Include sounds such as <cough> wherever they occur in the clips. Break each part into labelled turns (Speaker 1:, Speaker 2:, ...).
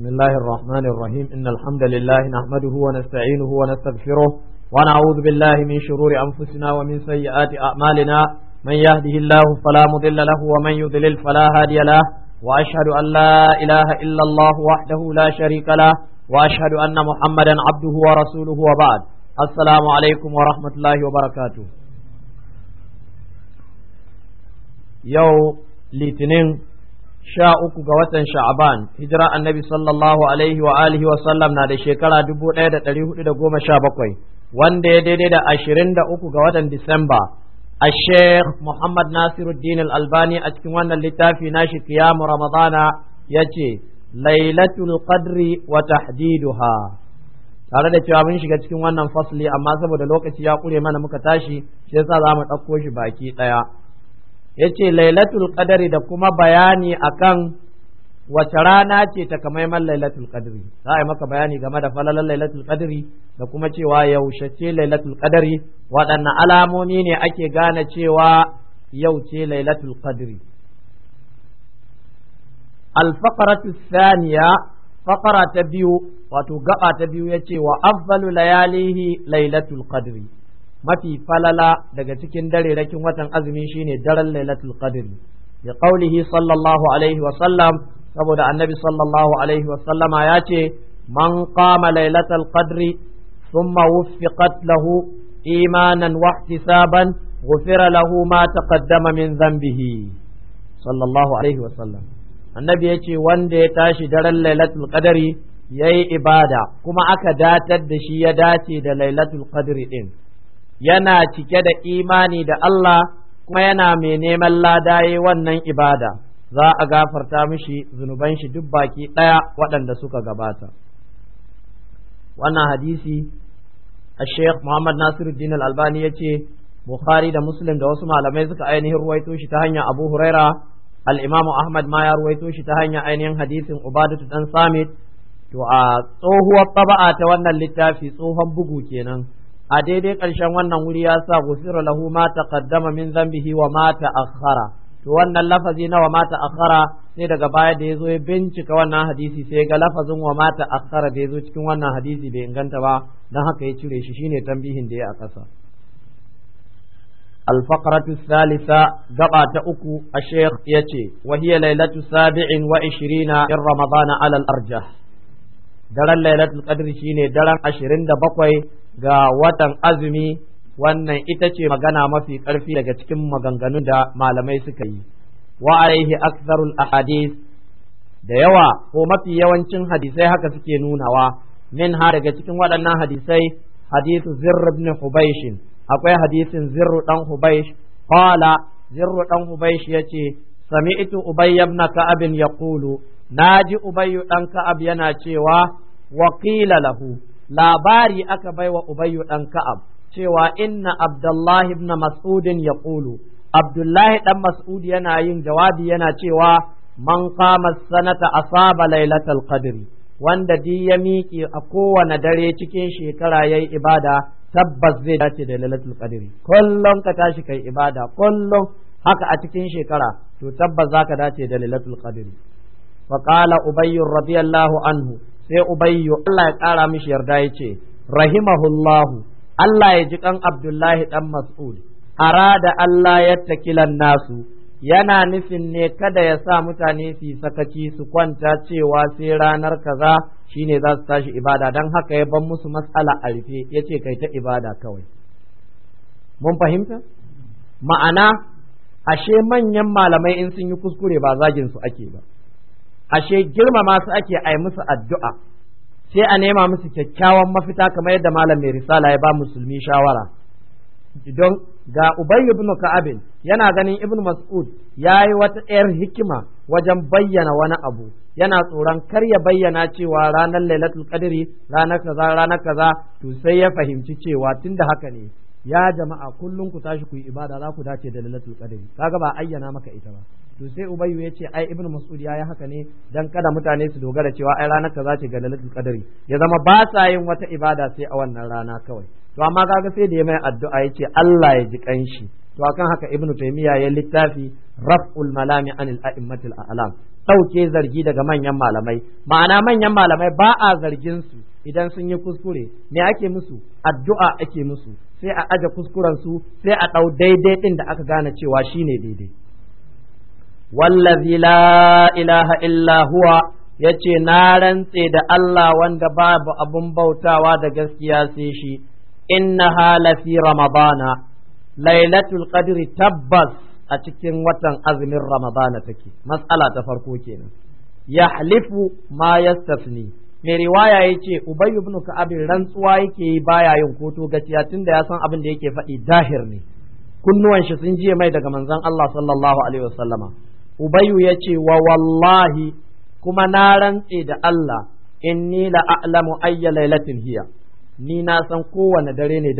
Speaker 1: بسم الله الرحمن الرحيم إن الحمد لله نحمده ونستعينه ونستغفره ونعوذ بالله من شرور أنفسنا ومن سيئات أعمالنا من يهده الله فلا مضل له ومن يضلل فلا هادي له وأشهد أن لا إله إلا الله وحده لا شريك له وأشهد أن محمدا عبده ورسوله وبعد السلام عليكم ورحمة الله وبركاته يوم الاثنين sha uku ga watan sha'aban hijira annabi sallallahu alaihi wa alihi wa sallam na da shekara dubu ɗaya da ɗari hudu da goma sha bakwai wanda ya daidai da ashirin da uku ga watan disamba a sheikh muhammad nasiruddin albani a cikin wannan littafi na shi kiyamu ramadana ya ce lailatul qadri wa tahdiduha tare da cewa mun shiga cikin wannan fasli amma saboda lokaci ya kure mana muka tashi shi yasa za mu ɗauko shi baki ɗaya yace lailatul qadari da kuma bayani akan wace rana ce ta kamaiman lailatul qadri za a yi maka bayani game da falalan lailatul qadri da kuma cewa yaushe ce lailatul qadri waɗanne alamomi ne ake gane cewa yau ce lailatul qadri alfaqaratu thaniya faqara ta biyu wato gaba ta biyu yace wa afdalu layalihi lailatul qadri mafi falala daga cikin dare rakin watan azumi shine daren lailatul qadr bi qawlihi sallallahu alaihi wa sallam saboda annabi sallallahu alaihi wa sallama ya ce man qama lailatul qadri thumma wuffiqat lahu imanan wa ihtisaban ghufira lahu ma taqaddama min dhanbihi sallallahu alaihi wa sallam annabi ya ce wanda ya tashi daren lailatul qadri yayi ibada kuma aka datar da shi ya dace da lailatul qadri din yana cike da imani da Allah kuma yana mai neman lada ladaye wannan ibada za a gafarta mishi zunuban shi duk baki ɗaya waɗanda suka gabata wannan hadisi a sheikh muhammad nasiruddin al-albani ya ce bukhari da muslim da wasu malamai suka ainihin ruwaito shi ta hanyar abu huraira al imam ahmad ma ya ruwaito shi ta hanyar ainihin hadisin ubadatu dan samit to a tsohuwar taba'a ta wannan littafi tsohon bugu kenan a daidai ƙarshen wannan wuri ya sa gufira lahu ma taqaddama min dhanbihi wa ma ta'akhkhara to wannan lafazi na wa ma ta'akhkhara sai daga baya da yazo ya bincika wannan hadisi sai ga lafazin wa mata ta'akhkhara da zo cikin wannan hadisi bai inganta ba dan haka ya cire shi shine tambihin da ya a ƙasa الفقرة الثالثة قطعة أكو الشيخ يتي وهي ليلة سابع وعشرين من رمضان على الأرجح daren lailatul شيني shine daren دبقوي ga watan azumi wannan ita ce magana mafi ƙarfi daga cikin maganganun da malamai suka yi wa alaihi aktharul ahadith da yawa ko mafi yawancin hadisai haka suke nunawa min ha daga cikin waɗannan hadisai hadithu zirr ibn hubaysh akwai hadisin Zirru dan Hubaish, qala zirr dan hubaysh yace sami'tu ubay ibn ka'ab yaqulu naji ubay ɗan ka'ab yana cewa Wakila qila lahu labari aka baiwa ubayyu ɗan ka'ab cewa inna abdullahi ibn mas'udin ya ƙulu abdullahi ɗan mas'ud yana yin jawabi yana cewa man kama sanata asaba lailatul qadri wanda di ya miki a kowane dare cikin shekara yayi ibada tabbas zai dace da lailatul qadri kullum ka tashi kai ibada kullum haka a cikin shekara to tabbas zaka dace da lailatul qadri فقال أبي رضي الله anhu. sai ubayyu Allah ya ƙara mishi yarda ya ce rahimahullahu Allah ya ji kan Abdullahi ɗan Mas'ud arada Allah ya takilan nasu yana nufin ne kada ya sa mutane su sakaci su kwanta cewa sai ranar kaza shine za su tashi ibada don haka ya ban musu matsala a rufe ya ce kai ta ibada kawai mun fahimta ma'ana ashe manyan malamai in sun yi kuskure ba zagin su ake ba ashe girmama su ake ai musu addu'a sai a nema musu kyakkyawan mafita kamar yadda malam mai risala ya ba musulmi shawara don ga ubay ibn ka'abin yana ganin ibn mas'ud yayi wata ɗayar hikima wajen bayyana wani abu yana tsoron kar ya bayyana cewa ranar lailatul qadri ranar kaza ranar kaza to sai ya fahimci cewa tunda haka ne ya jama'a kullum ku tashi ku yi ibada za ku dace da lalatul qadari kaga ba ayyana maka ita ba to sai ubayyu ya ce ai Ibn mas'ud ya yi haka ne dan kada mutane su dogara cewa ai ranar kaza ce ga lalatul qadari ya zama ba sa yin wata ibada sai a wannan rana kawai to amma kaga sai da ya mai addu'a ya ce Allah ya ji kanshi to akan haka Ibn taymiya ya littafi raf'ul malami anil a'immatil a'lam dauke zargi daga manyan malamai ma'ana manyan malamai ba a zargin su idan sun yi kuskure me ake musu addu'a ake musu sai a aje kuskuren su sai a ɗau daidai ɗin da aka gane cewa shine daidai wallazi la ilaha illa huwa yace na rantse da Allah wanda babu abun bautawa da gaskiya sai shi inna halafi ramadana lailatul qadri tabbas a cikin watan azumin ramadana take matsala ta farko kenan yahlifu ma yastafni mai riwaya ya ce ubay ibn ka'ab rantsuwa yake yi baya yin koto gaciya tunda ya san abin da yake faɗi dahir ne kunnuwan shi sun jiye mai daga manzon Allah sallallahu alaihi wasallama ubayu ya ce wa wallahi kuma na rantse da Allah inni la a'lamu ayya lailatin hiya ni na san kowane dare ne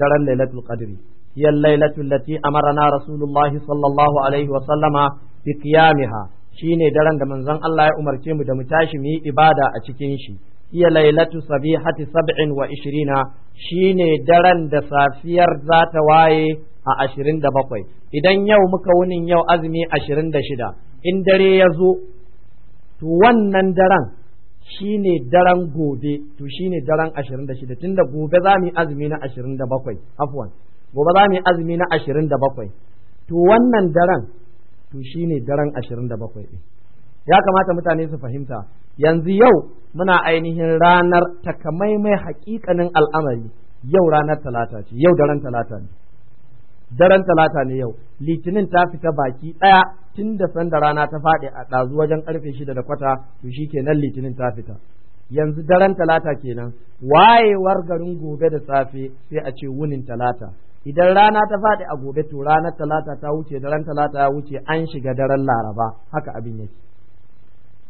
Speaker 1: daren lailatul qadri hiya lailatul lati na rasulullahi sallallahu alaihi wasallama bi qiyamiha Shi ne daren da manzon Allah ya umarce mu da mu tashi mu yi ibada a cikin shi hiya lailatu sabihati sab'in wa ishirina shi ne daren da safiyar za ta waye a ashirin da bakwai idan yau muka wunin yau azumi ashirin da shida in dare ya zo to wannan daren shi ne daren gobe to shi ne daren ashirin da shida tunda gobe za mu yi azumi na ashirin da bakwai afwan gobe za mu yi azumi na ashirin da bakwai to wannan daren to ne daren bakwai ɗin ya kamata mutane su fahimta yanzu yau muna ainihin ranar takamaimai hakikanin al'amari yau ranar talata ce yau daren talata ne daren talata ne yau litinin ta fita baki ɗaya tun da sanda rana ta faɗi a ɗazu wajen ƙarfe shida da kwata to shi kenan litinin ta fita yanzu daren talata kenan wayewar garin gobe da safe sai a ce wunin talata idan rana ta faɗi a gobe to ranar talata ta wuce daren talata ya wuce an shiga daren laraba haka abin yake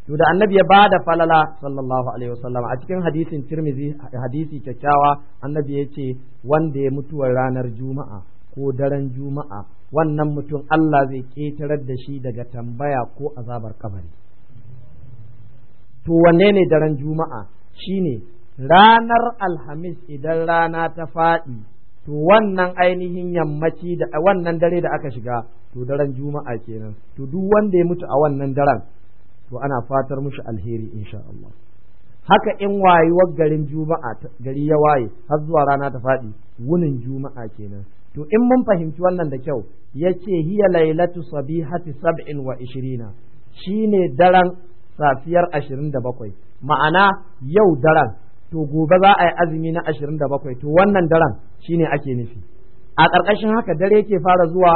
Speaker 1: to da annabi ya bada falala sallallahu alaihi wasallam a cikin hadisin tirmizi hadisi kyakkyawa annabi ya ce wanda ya mutuwar ranar juma'a ko daren juma'a wannan mutum Allah zai ketarar da shi daga tambaya ko azabar kabari to wanne ne daren juma'a shine ranar alhamis idan rana ta faɗi to wannan ainihin yammaci da wannan dare da aka shiga to daren juma'a kenan to duk wanda ya mutu a wannan daren to ana fatar mushi alheri insha Allah haka in wayuwar garin juma'a gari ya waye har zuwa rana ta faɗi wunin juma'a kenan to in mun fahimci wannan da kyau yace hiya lailatu sabihati sab'in wa ishirina shine daren safiyar 27, ma'ana yau daren to gobe za a yi azumi na ashirin da bakwai to wannan daren shine ake nufi a ƙarƙashin haka dare ke fara zuwa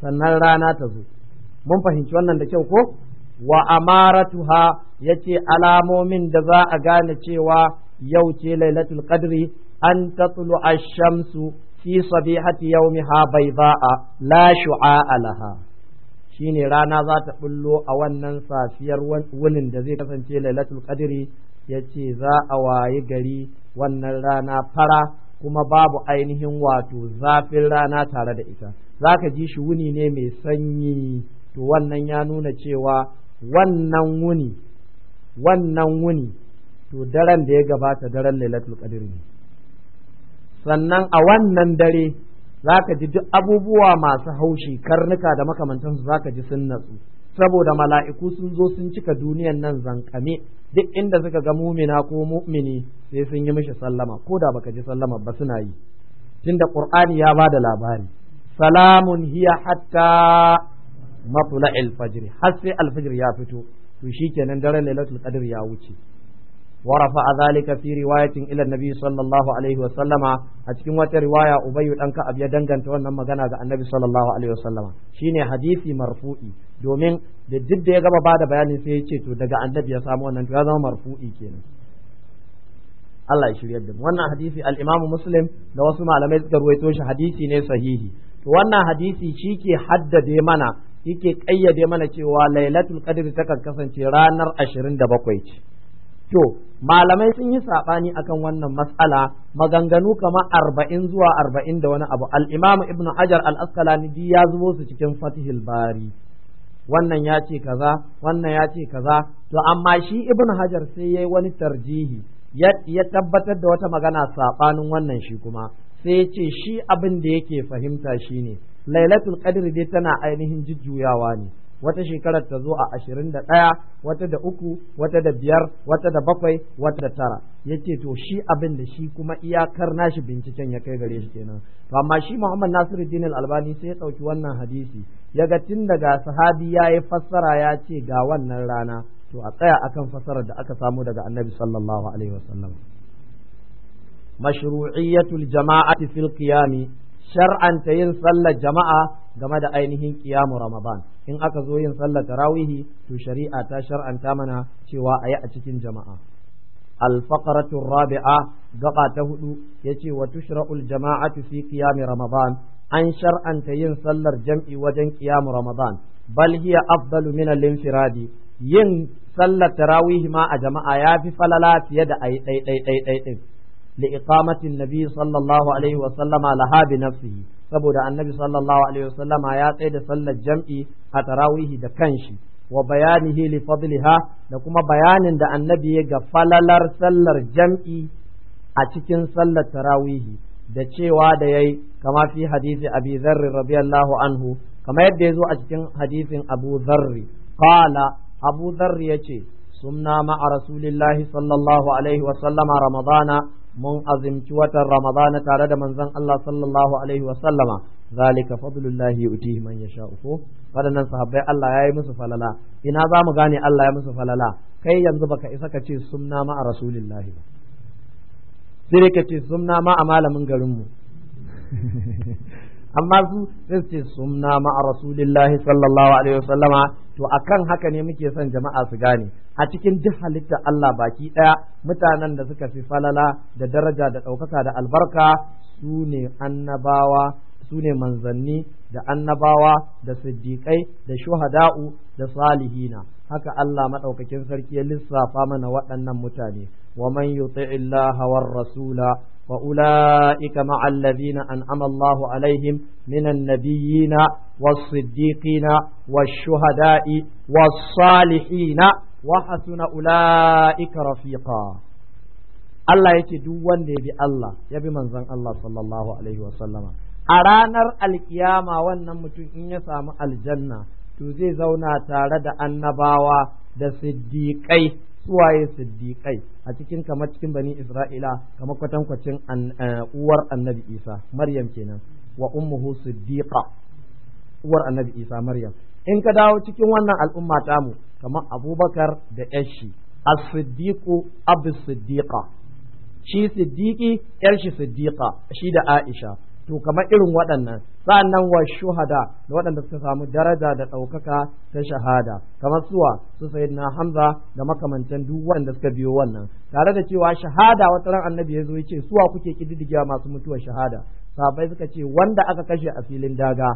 Speaker 1: sannan rana ta zo mun fahimci wannan da kyau ko wa ya ce alamomin da za a gane cewa yau ce lailatul qadri an tatlu a shamsu fi sabihati ba a la shu'a'a laha shine rana za ta bullo a wannan safiyar wunin da zai kasance lailatul qadri ya ce za a wayi gari wannan rana fara kuma babu ainihin wato zafin rana tare da ita za ka ji shi wuni ne mai sanyi to wannan ya nuna cewa wannan wuni wannan wuni to daren da ya gabata daren lailatul qadr ne sannan a wannan dare za ka ji duk abubuwa masu haushi karnuka da makamantansu za ka ji sun natsu saboda mala'iku sun zo sun cika duniyan nan zankame duk inda suka ga mumina ko mu'mini sai sun yi mishi sallama ko da baka ji sallama ba suna yi tunda qur'ani ya ba da labari salamun hiya hatta matla'il fajr har sai alfajr ya fito to shikenan daren lailatul qadr ya wuce ورفع ذلك في رواية إلى النبي صلى الله عليه وسلم أتكلم رواية أبي أنك أبي دنجن تونا مجانا النبي صلى الله عليه وسلم شيني حديثي مرفوعي domin da duk da ya gaba ba da bayanin sai ya ce to daga annabi ya samu wannan to ya zama marfu'i kenan Allah ya shiryar da mu wannan hadisi al-Imam Muslim wasu malamai suka ruwaito shi hadisi ne sahihi to wannan hadisi shi ke haddade mana yake kayyade mana cewa Lailatul Qadr ta kasance ranar 27 ce to malamai sun yi saɓani akan wannan matsala maganganu kamar arba'in zuwa arba'in da wani abu al'imamu ibn hajar al-asqalani ya zubo su cikin fatihil bari wannan ya ce kaza wannan ya ce kaza to amma shi ibn hajar sai ya yi wani tarjihi ya tabbatar da wata magana saɓanin wannan shi kuma sai ya ce shi abin da yake fahimta shine lailatul qadr dai tana ainihin jujjuyawa ne wata shekarar ta zo a ashirin da ɗaya wata da uku wata da biyar wata da bakwai wata da tara ya ce to shi abin da shi kuma iyakar nashi binciken ya kai gare shi kenan to amma shi muhammad Nasiru Din albani sai ya ɗauki wannan hadisi ya ga tun daga sahabi ya yi fassara ya ce ga wannan rana to a tsaya akan fassarar da aka samu daga annabi sallallahu alaihi wasallam mashru'iyatul jama'ati fil qiyami shar'anta yin sallar jama'a game da ainihin kiyamu ramadan in aka zo yin sallar tarawihi to shari'a ta shar'anta mana cewa a yi a cikin jama'a alfaqaratu rabi'a gaɓa ta hudu ce wa tushra'ul jama'atu fi qiyami ramadan an shar'anta yin sallar jam'i wajen qiyamu ramadan bal hiya afdalu min al-infiradi yin sallar tarawihi ma a jama'a ya fi falala fiye da ayi ai ai ai li iqamatin nabi sallallahu alaihi saboda annabi sallallahu alaihi ya tsaye da sallar jam'i a tarawihi da kanshi wa bayanihi li fadliha da kuma bayanin da annabi ya ga falalar sallar jam'i a cikin sallar tarawihi da cewa da yayi kama fi hadisi abi dharr radiyallahu anhu kama yadda ya zo a cikin hadisin abu dharr qala abu dharr yace sumna ma'a rasulillahi sallallahu alaihi wa ramadana mun azimci watan ramadana tare da manzon Allah sallallahu alaihi wa sallama zalika fadlullahi yu'tihi man yasha ko wadannan sahabbai Allah ya yi musu falala ina za mu gane Allah ya musu falala kai yanzu baka isa ka ce sunna ma a rasulillahi ba sai ka ce sunna ma a malamin garin mu <laughs> amma su sai ce sunna ma a rasulillahi sallallahu alaihi wa sallama to akan haka ne muke son jama'a su gane a cikin duk halitta Allah baki ɗaya mutanen da suka fi falala da daraja da ɗaukaka da albarka su ne annabawa su ne manzanni da annabawa da siddiƙai da shuhada'u da salihina haka Allah maɗaukakin sarki ya lissafa mana waɗannan mutane wa man yuti'illaha war rasula wa ula'ika ma'al ladina an'ama Allahu alaihim minan nabiyina was siddiqina wash shuhada'i was salihina wa hasuna ula'ika rafiqa Allah yake duk wanda ya bi Allah ya bi manzon Allah sallallahu alaihi wa sallama a ranar alkiyama wannan mutum in ya samu aljanna to zai zauna tare da annabawa da siddiƙai suwaye siddiƙai a cikin kamar cikin bani isra'ila kamar kwatankwacin eh, uwar annabi isa maryam kenan wa ummuhu siddiqa uwar annabi isa maryam in ka dawo cikin wannan al'umma tamu kamar abubakar da yashi as-siddiqu siddiqa shi siddiqi yar shi siddiqa shi da aisha to kamar irin waɗannan sa'annan wa shuhada da waɗanda suka samu daraja da ɗaukaka ta shahada kamar suwa su na hamza da makamantan duk waɗanda suka biyo wannan tare da cewa shahada wata ran annabi ya zo ya ce suwa kuke kididdigewa masu mutuwar shahada sabai suka ce wanda aka kashe a filin daga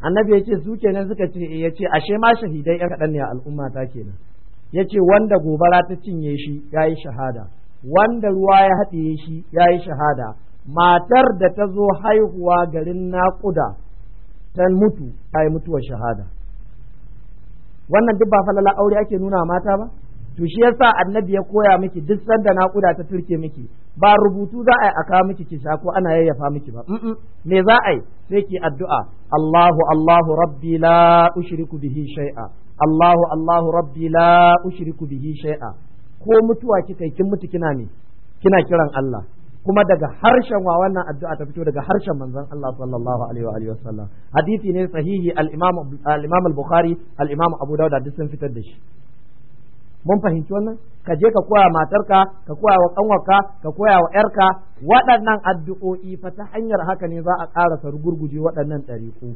Speaker 1: annabi ya ce su kenan suka ce eh, ya ce ashe ma shahidai yan kaɗan ne a al'umma ta kenan ya ce wanda gobara ta cinye shi ya yi shahada wanda ruwa ya haɗiye shi ya yi shahada matar da ta zo haihuwa garin naƙuda ta mutu ta yi mutuwar shahada wannan duk ba falala aure ake nuna mata ba to shi yasa annabi ya koya miki duk sanda naƙuda ta turke miki ba rubutu za a yi a kawo miki ki sha ko ana yayyafa miki ba me za a yi sai ki addu'a Allahu Allahu rabbi la ushriku bihi shay'a Allahu Allahu rabbi la ushriku bihi shay'a ko mutuwa kika kin mutu kina ne kina kiran Allah kuma daga harshen wa wannan addu'a ta fito daga harshen manzon Allah sallallahu alaihi wa alihi wasallam hadisi ne sahihi al-Imam al-Bukhari al-Imam Abu Dawud da sun fitar da shi mun fahimci wannan ka je ka koya matarka ka koya wa kanwarka ka koya wa yarka waɗannan addu'o'i fa ta hanyar haka ne za a ƙarasa gurguje waɗannan ɗariƙu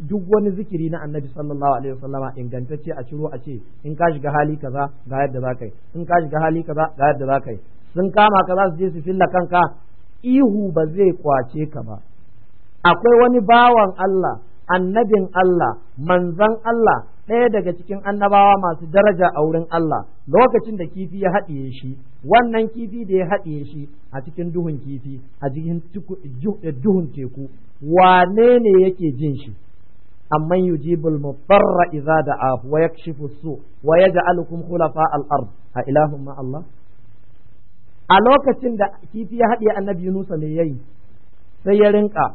Speaker 1: duk wani zikiri na annabi sallallahu alaihi wasallama ingantacce a ciro a ce in ka shiga hali kaza ga yadda za ka yi in ka shiga hali kaza ga yadda za ka yi sun kama ka za su je su filla kanka ihu ba zai kwace ka ba akwai wani bawan Allah annabin Allah manzan Allah ɗaya daga cikin annabawa masu daraja a wurin Allah lokacin da kifi ya haɗiye shi wannan kifi da ya haɗiye shi a cikin duhun kifi a cikin eh, duhun teku wane ne yake jin shi amma yujibul mudarra idza da'a wa yakshifu su wa yaj'alukum khulafa al-ard a ilahum ma Allah a lokacin da kifi ya haɗiye annabi Yunusa ne yayi sai ya rinka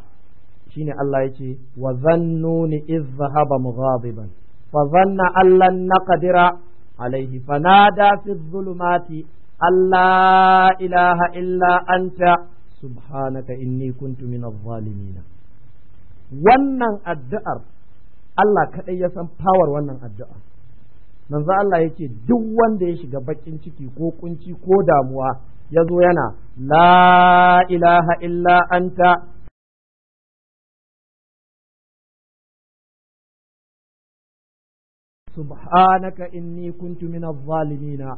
Speaker 1: shine Allah yace wa zannuni iz zahaba mughadiban فظن أن لن نقدر عليه فنادى في الظلمات أن لا إله إلا أنت سبحانك إني كنت من الظالمين wannan addu'ar Allah kaɗai ya san fawar wannan addu'ar za Allah ya ce duk wanda ya shiga baƙin ciki ko kunci ko damuwa ya zo yana la ilaha illa anta subhanaka inni kuntu minaz zalimina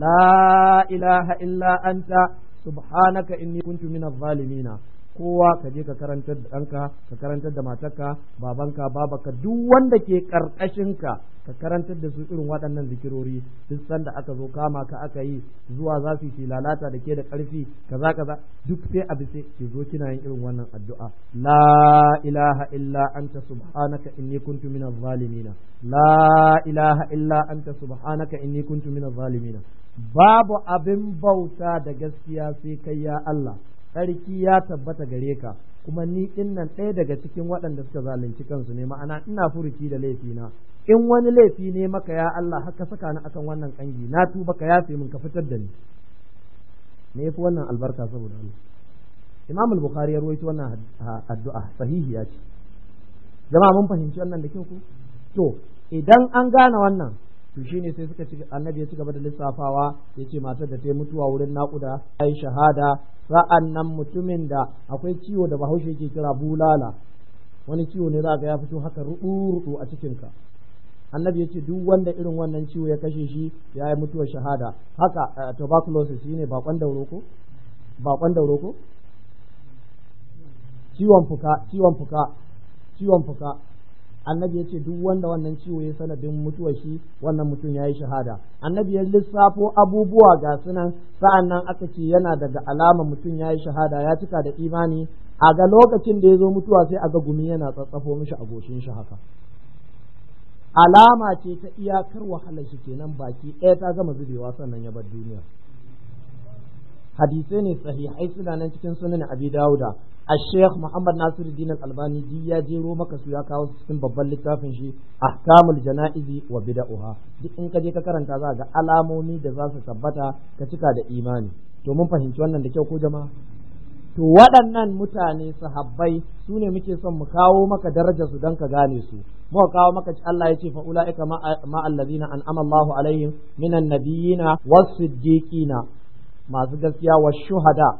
Speaker 1: la ilaha illa anta subhanaka inni kuntu minaz zalimina kowa ka je ka karantar da ɗanka ka karantar da matarka babanka babaka duk wanda ke ƙarƙashinka ka karantar da su irin waɗannan zikirori duk sanda aka zo kama ka aka yi zuwa za su yi lalata da ke da ƙarfi kaza kaza duk sai a bisa ki zo kina yin irin wannan addu'a la ilaha illa anta subhanaka inni kuntu minaz zalimin la ilaha illa anta subhanaka inni kuntu minaz zalimin babu abin bauta da gaskiya sai kai ya Allah tsarki ya tabbata gare ka kuma ni innan ɗaya daga cikin waɗanda suka zalunci kansu ne ma'ana ina furuci da laifi na in wani laifi ne maka ya Allah haka saka ni akan wannan kangi na tuba ka yafe min ka fitar da ni me yafi wannan albarka saboda Allah Imam al-Bukhari ya rawaito wannan addu'a sahihi ya ce jama'a mun fahimci wannan da kyau ko to idan an gane wannan to ne sai suka ci annabi ya ci gaba da lissafawa ya ce matar da ta yi mutuwa wurin naƙuda ta yi shahada sa'an nan mutumin da akwai ciwo da bahaushe ke kira bulala wani ciwo ne za ga ya fito haka ruɗu-ruɗu a cikinka annabi ya ce duk wanda irin wannan ciwo ya kashe shi ya yi mutuwar shahada haka eh, tuberculosis shine bakon dauro bakon dauro ko ciwon fuka ciwon fuka ciwon fuka annabi ya ce duk wanda wannan ciwo ya sanadin mutuwar shi wannan mutum ya yi shahada annabi ya lissafo abubuwa ga sunan sa'an nan aka ce yana daga alama mutum ya yi shahada ya cika da imani a ga lokacin da ya zo mutuwa sai a ga gumi yana tsatsafo mishi a goshin shi haka alama ce ta iyakar wahalar shi kenan baki ɗaya ta gama zubewa sannan ya bar duniya hadisai ne sahihai suna nan cikin sunan abi dauda a Sheikh Muhammad Nasiru Al-Albani din ya jero maka su ya kawo cikin babban littafin shi Ahkamul Janaizi wa Bid'ahha duk in kaje ka karanta za ga alamomi da za su tabbata ka cika da imani to mun fahimci wannan da kyau ko jama'a to waɗannan mutane sahabbai su ne muke son mu kawo maka darajar su dan ka gane su muka kawo maka ci Allah ya ce fa ulaika ma allazina an'ama Allah alaihim minan nabiyina wasiddiqina masu gaskiya wa shuhada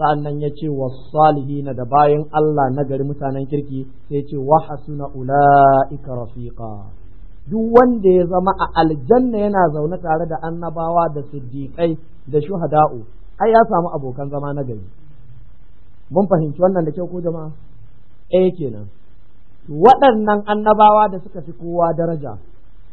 Speaker 1: sa'annan ya ce wa salihina da bayan Allah na gari mutanen kirki sai ce wa hasuna ula'ika rafiqa duk wanda ya zama a aljanna yana zaune tare da annabawa da siddiƙai da shuhada'u ai ya samu abokan zama na gari mun fahimci wannan da kyau ko jama'a eh kenan waɗannan annabawa da suka fi kowa daraja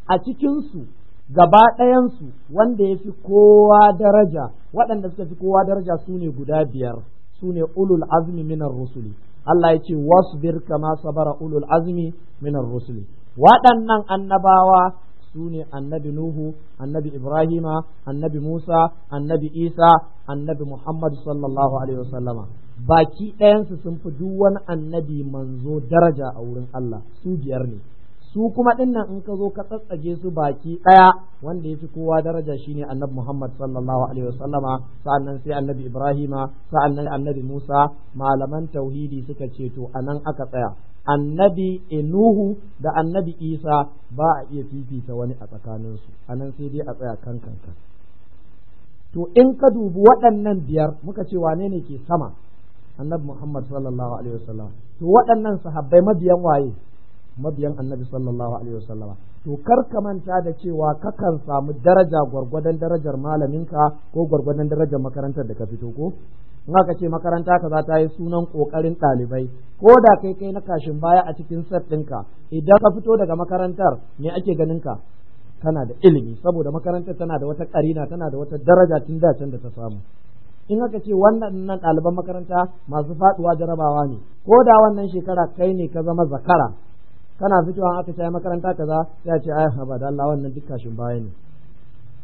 Speaker 1: a cikinsu gaba ɗayansu wanda ya fi kowa daraja waɗanda suka fi kowa daraja su ne guda biyar su ne ulul azmi minar rusuli Allah ya ce wasu birka kama sabara ulul azmi minar rusuli waɗannan annabawa su ne annabi Nuhu, annabi Ibrahima, annabi Musa, annabi Isa, annabi Muhammad sallallahu Alaihi wasallama. Baki ɗayansu sun fi duwan wani annabi manzo daraja a wurin Allah, su biyar ne. su kuma dinnan in ka zo ka tsatsage su baki ɗaya wanda ya yafi kowa daraja shine annabi Muhammad sallallahu alaihi wasallama sa'annan sai annabi Ibrahima sa'annan annabi Musa malaman tauhidi suka ce to anan aka tsaya annabi Enuhu da annabi Isa ba a iya fifita wani a tsakaninsu anan sai dai a tsaya kan kankan to in ka dubi waɗannan biyar muka ce wane ne ke sama annabi Muhammad sallallahu alaihi wasallama to waɗannan sahabbai mabiyan waye mabiyan annabi sallallahu alaihi wasallama to kar ka manta da cewa kakan samu daraja gwargwadon darajar malaminka ko gwargwadon darajar makarantar da ka fito ko in aka ce makaranta za ta yi sunan kokarin ɗalibai ko da kai kai na kashin baya a cikin sat ɗinka idan ka fito daga makarantar me ake ganin ka kana da ilimi saboda makarantar tana da wata karina tana da wata daraja tun da can da ta samu in aka ce wannan nan ɗaliban makaranta masu faɗuwa jarabawa ne ko da wannan shekara kai ne ka zama zakara kana fitowa aka ce makaranta kaza sai ce ai haba da Allah wannan duk kashin baya ne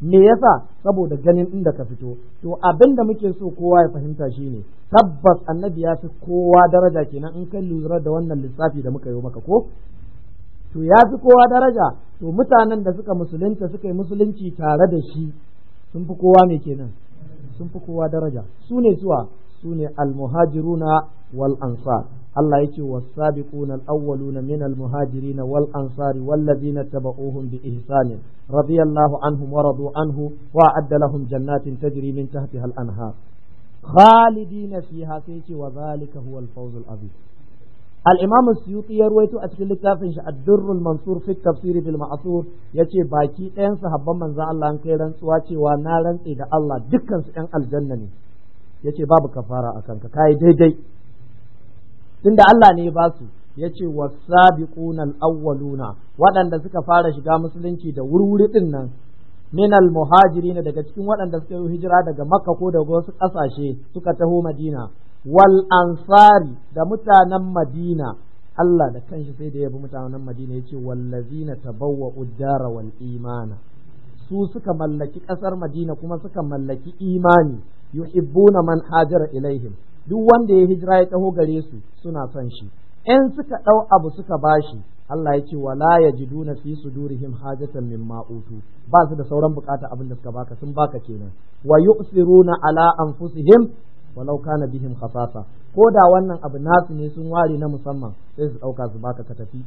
Speaker 1: me yasa saboda ganin inda ka fito to abin da muke so kowa ya fahimta shine tabbas annabi ya fi kowa daraja kenan in kai lura da wannan lissafi da muka yi maka ko to ya fi kowa daraja to mutanen da suka musulunta suka yi musulunci tare da shi sun fi kowa ne kenan sun fi kowa daraja su ne suwa su ne almuhajiruna wal ansar Allah ya wasabiqun al-awwaluna min al-muhajirin wal ansari wallazina tabauhum bi ihsan radiyallahu anhum wa radu anhu wa adda lahum jannatin tajri min tahtiha al-anhar sai yake wa zalika huwa al-fawz al-azim al-imam ya ruwaito a cikin littafin shi ad mansur fi tafsir bil ma'thur yace baki ɗayan sahabban manzo Allah an kai rantsuwa cewa na rantsi da Allah dukkan su ɗan aljanna ne yace babu kafara akan ka kai daidai tunda Allah ne ya ba su ya ce wasabiqunal awwaluna waɗanda suka fara shiga musulunci da wurwuri din nan minal muhajirina daga cikin waɗanda suka yi hijira daga makka ko daga wasu ƙasashe suka taho madina wal ansari da mutanen madina Allah da kanshi sai da yabi mutanen madina yace wallazina tabawwa uddara wal imana su suka mallaki ƙasar madina kuma suka mallaki imani yuhibbuna man hajara ilaihim duk wanda ya hijira ya taho gare su suna son shi in suka ɗau abu suka bashi Allah ya ce wala ya yajiduna fi sudurihim hajatan mimma utu ba su da sauran bukata abin da suka baka sun baka kenan wa yu'siruna ala anfusihim walau kana bihim khasasa ko da wannan abu nasu ne sun ware na musamman sai su ɗauka su baka ka tafi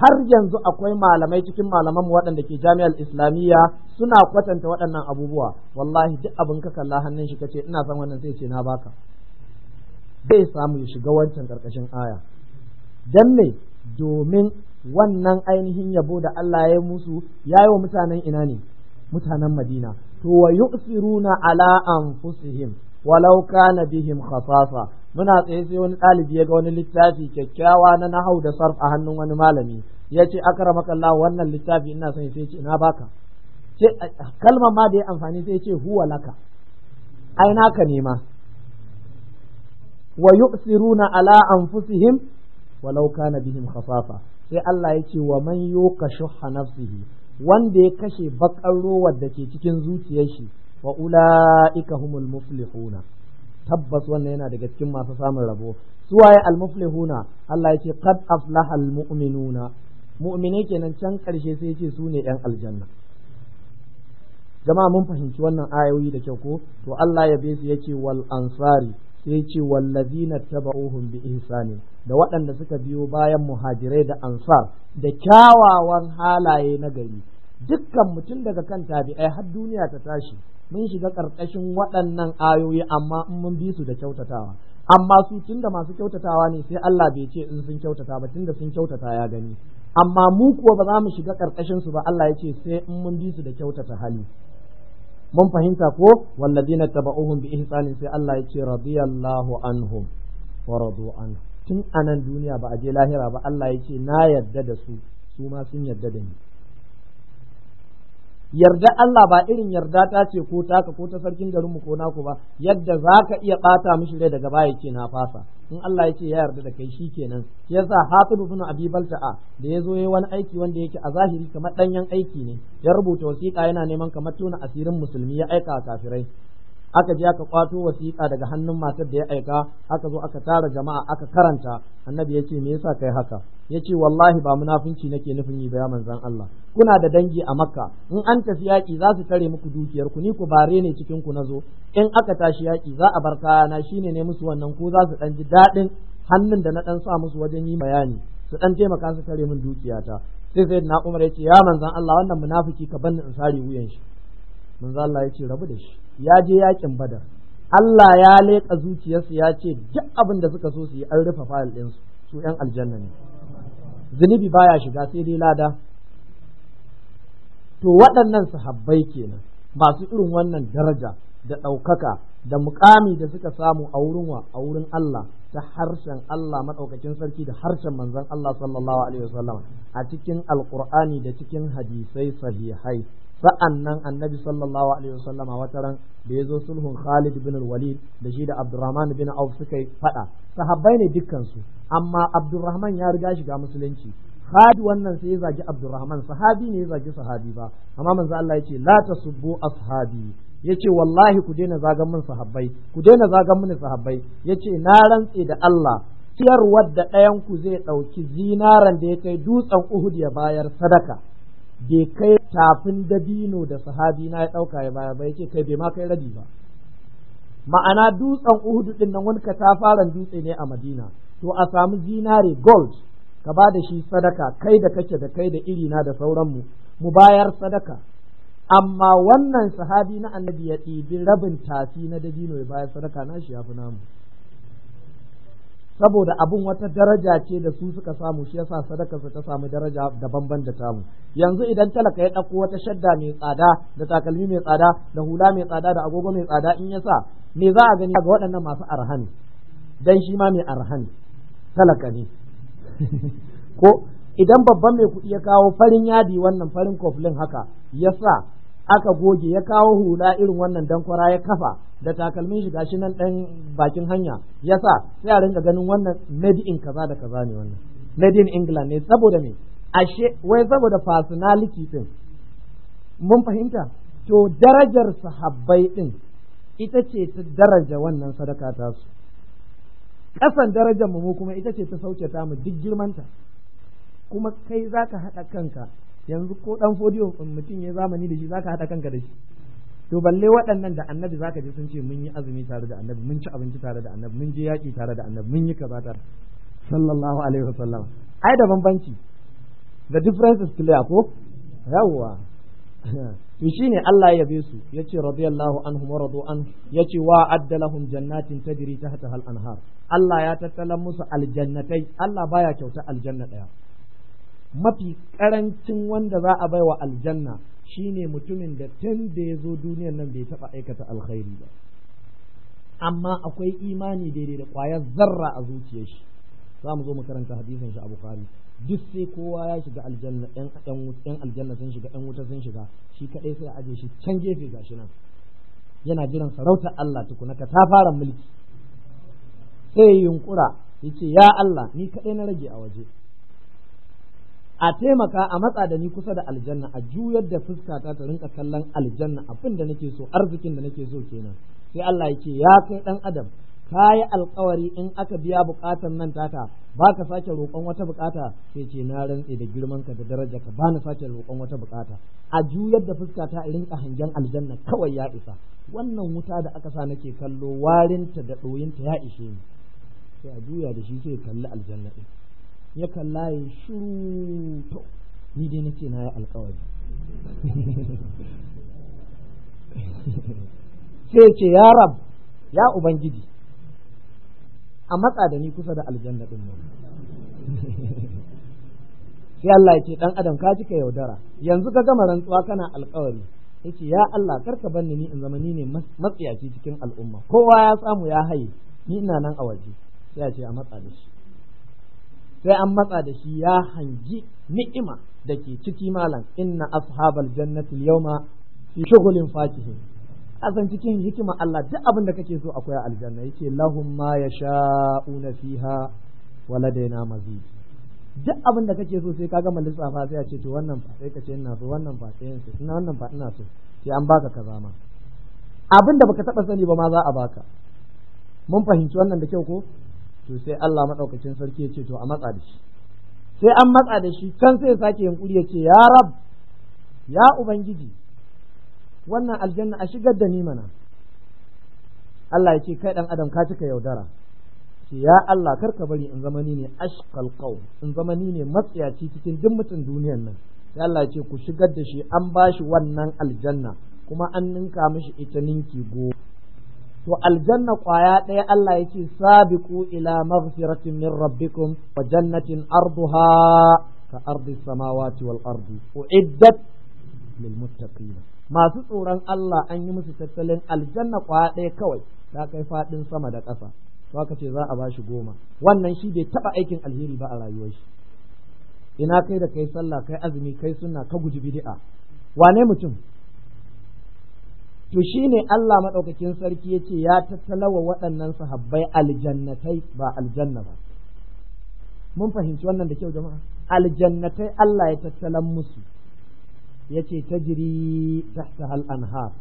Speaker 1: har yanzu akwai malamai cikin malamanmu waɗanda ke jami'ar islamiyya suna kwatanta waɗannan abubuwa wallahi duk abin ka kalla hannun shi kace ina son wannan zai ce na baka zai samu ya shiga wancan ƙarƙashin aya dan me domin wannan ainihin yabo da Allah ya yi musu ya yi wa mutanen ina ne mutanen Madina to wa yu'siruna ala anfusihim walau kana bihim khasasa muna tsaye sai wani ɗalibi ya ga wani littafi kyakkyawa na nahau da sarf a hannun wani malami ya ce akramaka Allah wannan littafi ina son sai ce ina baka ce kalmar ma da ya amfani sai ce huwa laka ai naka ne wa yu'siruna ala anfusihim walau kana bihim khasafa sai Allah ya ce wa man yuka nafsihi wanda ya kashe bakar rowar da ke cikin zuciyar shi wa ula'ika humul muflihuna tabbas wannan yana daga cikin masu samun rabo su waye almuflihuna Allah ya ce qad aflaha almu'minuna mu'mine kenan can karshe sai ya ce su ne yan aljanna jama'a mun fahimci wannan ayoyi da kyau ko to Allah ya su yake wal ansari sai yace wallazina taba'uhum bi ihsani da waɗanda suka biyo bayan muhajirai da ansar da kyawawan halaye na gari dukkan mutum daga kan tabi'ai har duniya ta tashi mun shiga ƙarƙashin waɗannan ayoyi amma in mun bi su da kyautatawa amma su tun da masu kyautatawa ne sai Allah bai ce in sun kyautata ba tunda sun kyautata ya gani amma mu kuwa ba za mu shiga ƙarƙashin su ba Allah ya ce sai in mun bi su da kyautata hali mun fahimta ko walladina taba'uhum bi ihsanin sai Allah ya ce radiyallahu anhum wa radu anhu tun anan duniya ba a je lahira ba Allah ya ce na yarda da su su ma sun yarda da ni yarda Allah ba irin yarda ta ce ko taka ko ta sarkin garinmu ko naku ba yadda za ka iya ɓata mishi rai daga baya ce na fasa in Allah ya ce ya yarda da kai shi kenan shi yasa da ibn Abi Balta'a da ya zo ya yi wani aiki wanda yake a zahiri kamar ɗanyen aiki ne ya rubuta wasiƙa yana neman kamar tona asirin musulmi ya aika kafirai aka je aka kwato wasiƙa daga hannun matar da ya aika aka zo aka tara jama'a aka karanta annabi ya ce me yasa kai haka ya ce wallahi ba munafunci nake nufin yi ba manzon Allah kuna da dangi a makka in an tafi yaƙi za su tare muku dukiyar ku ni ku bare ne cikin ku nazo in aka tashi yaƙi za a bar kayana shine ne musu wannan ko za su dan ji daɗin hannun da na dan sa musu wajen yi bayani su dan taimaka su tare mun dukiyata sai sai na Umar ya ce ya manzon Allah wannan munafiki ka banni in sare wuyan shi manzo Allah ya ce rabu da shi ya je yakin badar Allah ya leƙa zuciyarsu ya ce duk abin da suka so su yi an rufe fayil ɗinsu su ‘yan aljanna ne zunubi baya shiga sai dai lada to waɗannan sahabbai kenan masu irin wannan daraja da ɗaukaka da mukami da suka samu a wurin wa a wurin Allah ta harshen Allah maɗaukakin sarki da harshen manzon Allah sallallahu alaihi wasallam a cikin alƙur'ani da cikin hadisai sahihai sa'an nan annabi sallallahu alaihi wasallam a wataran da ya zo sulhun Khalid bin Walid da shi da Abdurrahman bin Auf suka yi fada sahabbai ne dukkansu amma Abdurrahman ya riga shiga musulunci Khalid wannan sai ya zagi Abdurrahman sahabi ne ya zagi sahabi ba amma manzo Allah yace la tasubbu ashabi yace wallahi ku daina zagan min ku daina zagan min sahabbai yace na rantse da Allah ciyarwar da ɗayan ku zai ɗauki zinaran da ya kai dutsen Uhud ya bayar sadaka bai kai tafin dabino da sahabi na ya ɗauka ya baya ba yake kai bai ma kai rabi ba ma'ana dutsen uhudu din nan wani katafaren dutse ne a madina to a samu zinare gold ka ba da shi sadaka kai da kake da kai da iri na da sauran mu mu bayar sadaka amma wannan sahabi na annabi ya ɗibi rabin tafi na dabino ya bayar sadaka na shi ya fi namu saboda abun wata daraja ce da su suka samu shi yasa sadaka su ta samu daraja daban-ban da tamu yanzu idan talaka ya ɗauko wata shadda mai tsada da takalmi mai tsada da hula mai tsada da agogo mai tsada in ya sa me za a gani ga waɗannan masu arhan dan shi ma mai arhan talaka ne <laughs> ko idan babban mai kuɗi ya kawo farin yadi wannan farin koflin haka ya sa aka goge ya kawo hula irin wannan dankwara ya kafa da takalmin shi gashi nan dan bakin hanya ya sa sai a rinka ganin wannan made in kaza da kaza ne wannan made in England ne saboda me ashe wai saboda personality din mun fahimta to darajar sahabbai din ita ce ta daraja wannan sadaka ta su kasan darajar mu kuma ita ce ta sauke ta mu duk girmanta kuma kai zaka haɗa kanka yanzu ko dan fodiyo mutum ya zamani da shi zaka hada kanka da shi to balle waɗannan da annabi zaka ji sun ce mun yi azumi tare da annabi mun ci abinci tare da annabi mun je yaƙi tare da annabi mun yi kaza tare sallallahu alaihi wasallam ai da bambanci the difference is clear ko yawwa <laughs> to shine Allah ya yabe su yace radiyallahu anhum wa radu an yace wa addalahum jannatin tajri tahtaha al-anhar Allah ya tattalan musu aljannatai Allah baya kyauta aljanna daya mafi karancin wanda za a baiwa aljanna shine mutumin da tun da ya zo duniyar nan bai taɓa aikata alkhairi ba amma akwai imani daidai da ƙwayar zarra a zuciyar shi za mu zo mu karanta hadisin shi a bukari duk sai kowa ya shiga aljanna ɗan aljanna sun shiga ɗan wuta sun shiga shi kadai sai a aje shi can gefe gashi nan yana jiran sarautar Allah tukuna ka ta fara mulki sai yunkura yace ya Allah ni kadai na rage a waje a taimaka a matsa da ni kusa da aljanna a juyar da fuska ta ta rinka kallon aljanna abin da nake so arzikin da nake so kenan sai Allah ya ce ya kai dan adam ka yi alkawari in aka biya bukatan nan taka ba ka sake roƙon wata bukata sai ce na rantse da girman ka da daraja ka bani na sake roƙon wata bukata a juyar da fuska ta rinka hangen aljanna kawai ya isa wannan wuta da aka sa nake kallo warinta da ɗoyinta ya ishe ni sai a juya da shi sai kalli aljanna din ya kalla ya shuru to ni dai ce na yi alkawari <laughs> sai ce ya rab ya ubangiji a matsa da ni kusa da aljanna din nan <laughs> sai Allah ya ce dan adam ka ji ka yaudara yanzu ka gama rantsuwa kana alkawari yace ya Allah karka banni ni in zama ni ne matsiyaci cikin al'umma kowa ya samu ya haye ni ina nan a waje sai ya ce a matsa da shi sai an matsa da shi ya hangi ni'ima da ke ciki malam inna ashabal jannati yawma fi shughulin fakihin azan cikin hikima Allah duk abin da kake so akwai aljanna yake lahum ma yasha'una fiha wa ladaina mazid duk abin da kake so sai ka gama lissafa sai a ce to wannan fa sai ka ce ina so wannan fa sai ina so ina wannan fa ina so sai an baka kaza ma abin da baka taba sani ba ma za a baka mun fahimci wannan da kyau ko to sai Allah maɗaukacin sarki ya ce to a matsa da shi sai an matsa da shi can sai ya sake yunkuri ya ce ya rab ya ubangiji wannan aljanna a shigar da ni mana Allah ya ce kai dan adam ka cika yaudara ce ya Allah kar ka bari in zama ni ne ashqal qaum in zama ni ne matsiyaci cikin duk mutum duniyar nan sai Allah ya ce ku shigar da shi an bashi wannan aljanna kuma an ninka mishi ita ninki goma to aljanna kwaya ɗaya Allah ya ce sabiku ila maghfiratin min rabbikum wa jannatin arduha ka ardi samawati wal ardi uiddat lil muttaqin masu tsoron Allah an yi musu tattalin aljanna kwaya ɗaya kawai ta kai fadin sama da ƙasa to aka ce za a bashi goma wannan shi bai taba aikin alheri ba a rayuwar shi ina kai da kai sallah kai azumi kai sunna ka guji bid'a wane mutum to shi ne Allah maɗaukakin sarki ya ce ya tattalawa waɗannan sahabbai aljannatai ba aljanna ba mun fahimci wannan da kyau jama'a aljannatai Allah ya tattalan musu ya yace ta tahta hal anhar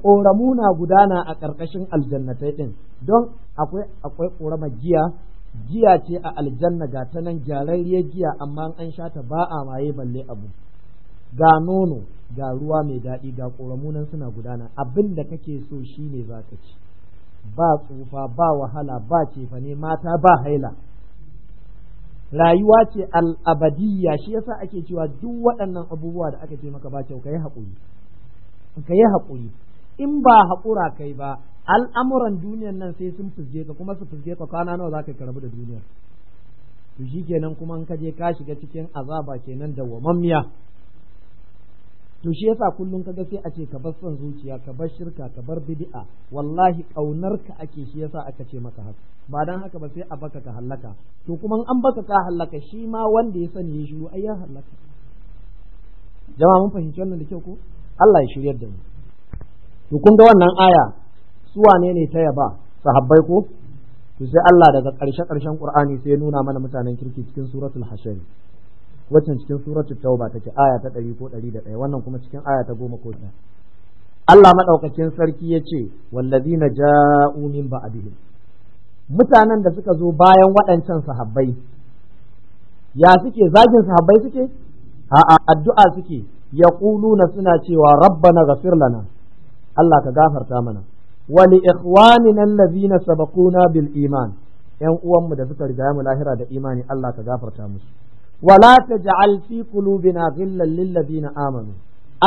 Speaker 1: ƙoramu na gudana a ƙarƙashin aljannatai ɗin don akwai akwai giya giya ce a aljanna ga ta nan gyararriyar giya amma an sha ta ba a maye balle abu ga nono ga ruwa mai daɗi ga ƙoramunan suna gudana abin da kake so shi ne za ka ci ba tsufa ba wahala ba cefane mata ba haila rayuwa ce al'abadiyya shi yasa ake cewa duk waɗannan abubuwa da aka ce maka ba kyau ka yi haƙuri ka yi haƙuri in ba haƙura kai ba al'amuran duniyar nan sai sun fusge ka kuma su fusge ka kwana nawa za ka karabu da duniyar to shi kenan kuma in ka je ka shiga cikin azaba kenan da wamammiya to shi yasa kullum kaga sai a ce ka bar son zuciya ka bar shirka ka bar bid'a wallahi kaunarka ake shi yasa aka ce maka haka ba dan haka ba sai a baka ka hallaka to kuma an baka ka hallaka shi ma wanda ya sani ya shiru ai ya hallaka jama'a mun fahimci wannan da kyau ko Allah ya shiryar da mu to kun ga wannan aya su wane ne ta yaba sahabbai ko to sai Allah daga ƙarshe karshen Qur'ani sai ya nuna mana mutanen kirki cikin suratul hashari waccan cikin suratul tauba take aya ta ɗari ko ɗari da ɗaya wannan kuma cikin aya ta goma ko 10 Allah maɗaukakin sarki ya ce wallazina ja'u min ba'dihim mutanen da suka zo bayan waɗancan sahabbai ya suke zagin sahabbai suke 'a addu'a suke yaquluna suna cewa rabbana ghafir lana Allah ka gafarta mana wa li ikhwanina allazina sabaquna bil iman ƴan uwanmu da suka riga mu lahira da imani Allah ka gafarta musu wala taj'al fi qulubina ghillan lil ladina amanu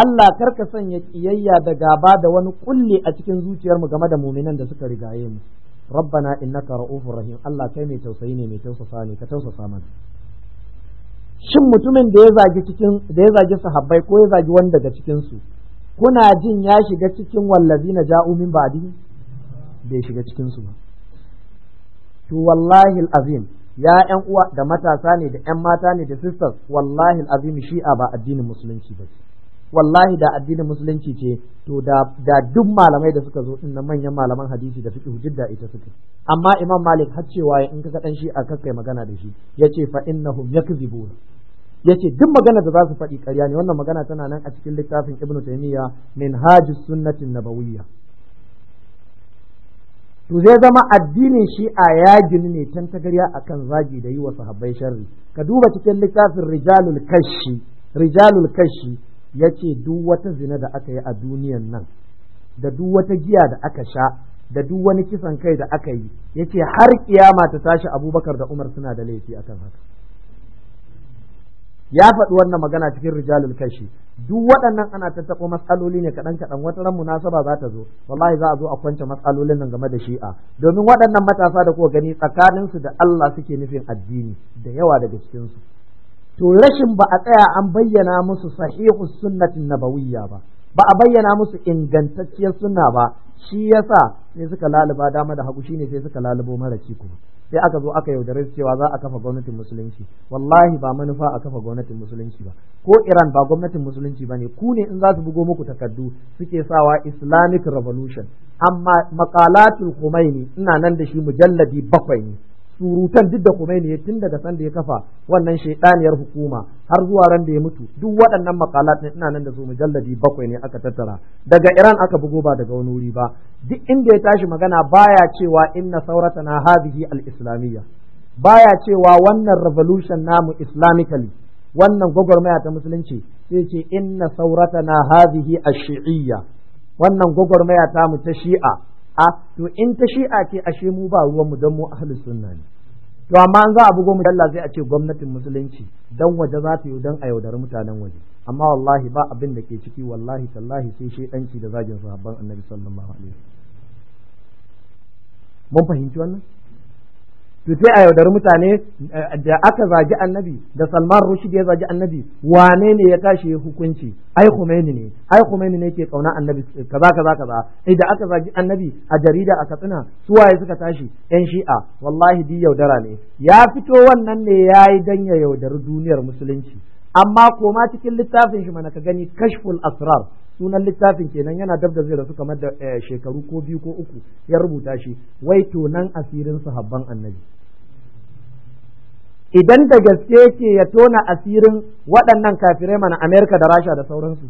Speaker 1: Allah karka sanya kiyayya da gaba da wani kulli a cikin zuciyarmu game da muminan da suka rigaye mu rabbana innaka ra'ufur rahim Allah kai mai tausayi ne mai tausasa ne ka tausasa mana shin mutumin da ya zagi cikin da ya zagi sahabbai ko ya zagi wanda daga cikin su kuna jin ya shiga cikin wallazina ja'u min ba'di bai shiga cikin su ba to wallahi alazim Ya'yan uwa da matasa ne da ƴan mata ne da sisters wallahi azimi shi'a ba addinin musulunci ba wallahi da addinin musulunci ce to da da duk malamai da suka zo dinnan manyan malaman hadisi da fiqh da ita suke amma imam malik har cewa in ka dan shi'a kakkai magana da shi yace fa innahum yakzibun yace duk magana da za su faɗi ƙarya ne wannan magana tana nan a cikin littafin ibnu taymiya min hajjus sunnatin nabawiyya to zai zama addinin shi'a ya gini ne can ta akan zagi da yi wa sahabbai sharri ka duba cikin littafin rijalul kashi rijalul kashi yace duk wata zina da aka yi a duniyan nan da duk wata giya da aka sha da duk wani kisan kai da aka yi yace har kiyama ta tashi abubakar da umar suna da laifi akan haka ya faɗi wannan magana cikin rijalul kashi duk waɗannan ana tattaɓo matsaloli ne kaɗan kaɗan wata ran munasaba za ta zo wallahi za a zo a kwance matsalolin nan game da shi'a domin waɗannan matasa da kuka gani tsakaninsu da Allah suke nufin addini da yawa daga cikin su to rashin ba a tsaya an bayyana musu sahihu sunnatin nabawiyya ba ba a bayyana musu ingantacciyar sunna ba shi yasa sai suka laluba dama da hagu shine sai suka lalubo mara ci sai aka zo aka yaudare cewa za a kafa gwamnatin musulunci wallahi ba manufa a kafa gwamnatin musulunci ba ko Iran ba gwamnatin musulunci ba ne ku ne in za su bugo muku takardu suke sawa Islamic Revolution amma makalatul khumaini ina nan da shi mujalladi bakwai ne surutan duk da Khomeini ya tun daga sanda ya kafa wannan shaidaniyar hukuma har zuwa ran da ya mutu duk waɗannan makalat ne ina nan da su mujalladi bakwai ne aka tattara daga Iran aka bugo ba daga wani wuri ba duk inda ya tashi magana baya cewa inna sauratana hadhihi al-islamiyya baya cewa wannan revolution namu islamically wannan gwagwarmaya ta musulunci sai ce inna sauratana hadhihi ash-shi'iyya wannan gwagwarmaya ta mu ta shi'a a to in ta shi'a ce ashe mu ba ruwan mu dan mu ahlus sunna ne to amma an za a bugo Allah zai a ce gwamnatin musulunci dan waje za ta yi dan a yaudari mutanen waje amma wallahi ba abin da ke ciki wallahi tallahi sai shedanci da zagin sahabban annabi sallallahu alaihi wasallam mun fahimci wannan to sai a yaudari mutane eh, da aka zagi annabi da salman rushdi ya zagi annabi wane ne ya tashi hukunci ai Khomeini ne ai Khomeini ne ke kauna annabi eh, kaza kaza kaza idan eh, aka zagi annabi a jarida a katsina su waye suka tashi yan shi'a wallahi di yaudara ne ya fito wannan ne yayi dan ya yaudari duniyar musulunci amma koma cikin littafin shi mana ka gani kashful asrar sunan littafin kenan yana dab da zai rasu kamar da eh, shekaru ko biyu ko uku ya rubuta shi wai to nan asirin sahabban annabi idan da gaske yake ya tona asirin waɗannan kafirai mana amerika da rasha da sauransu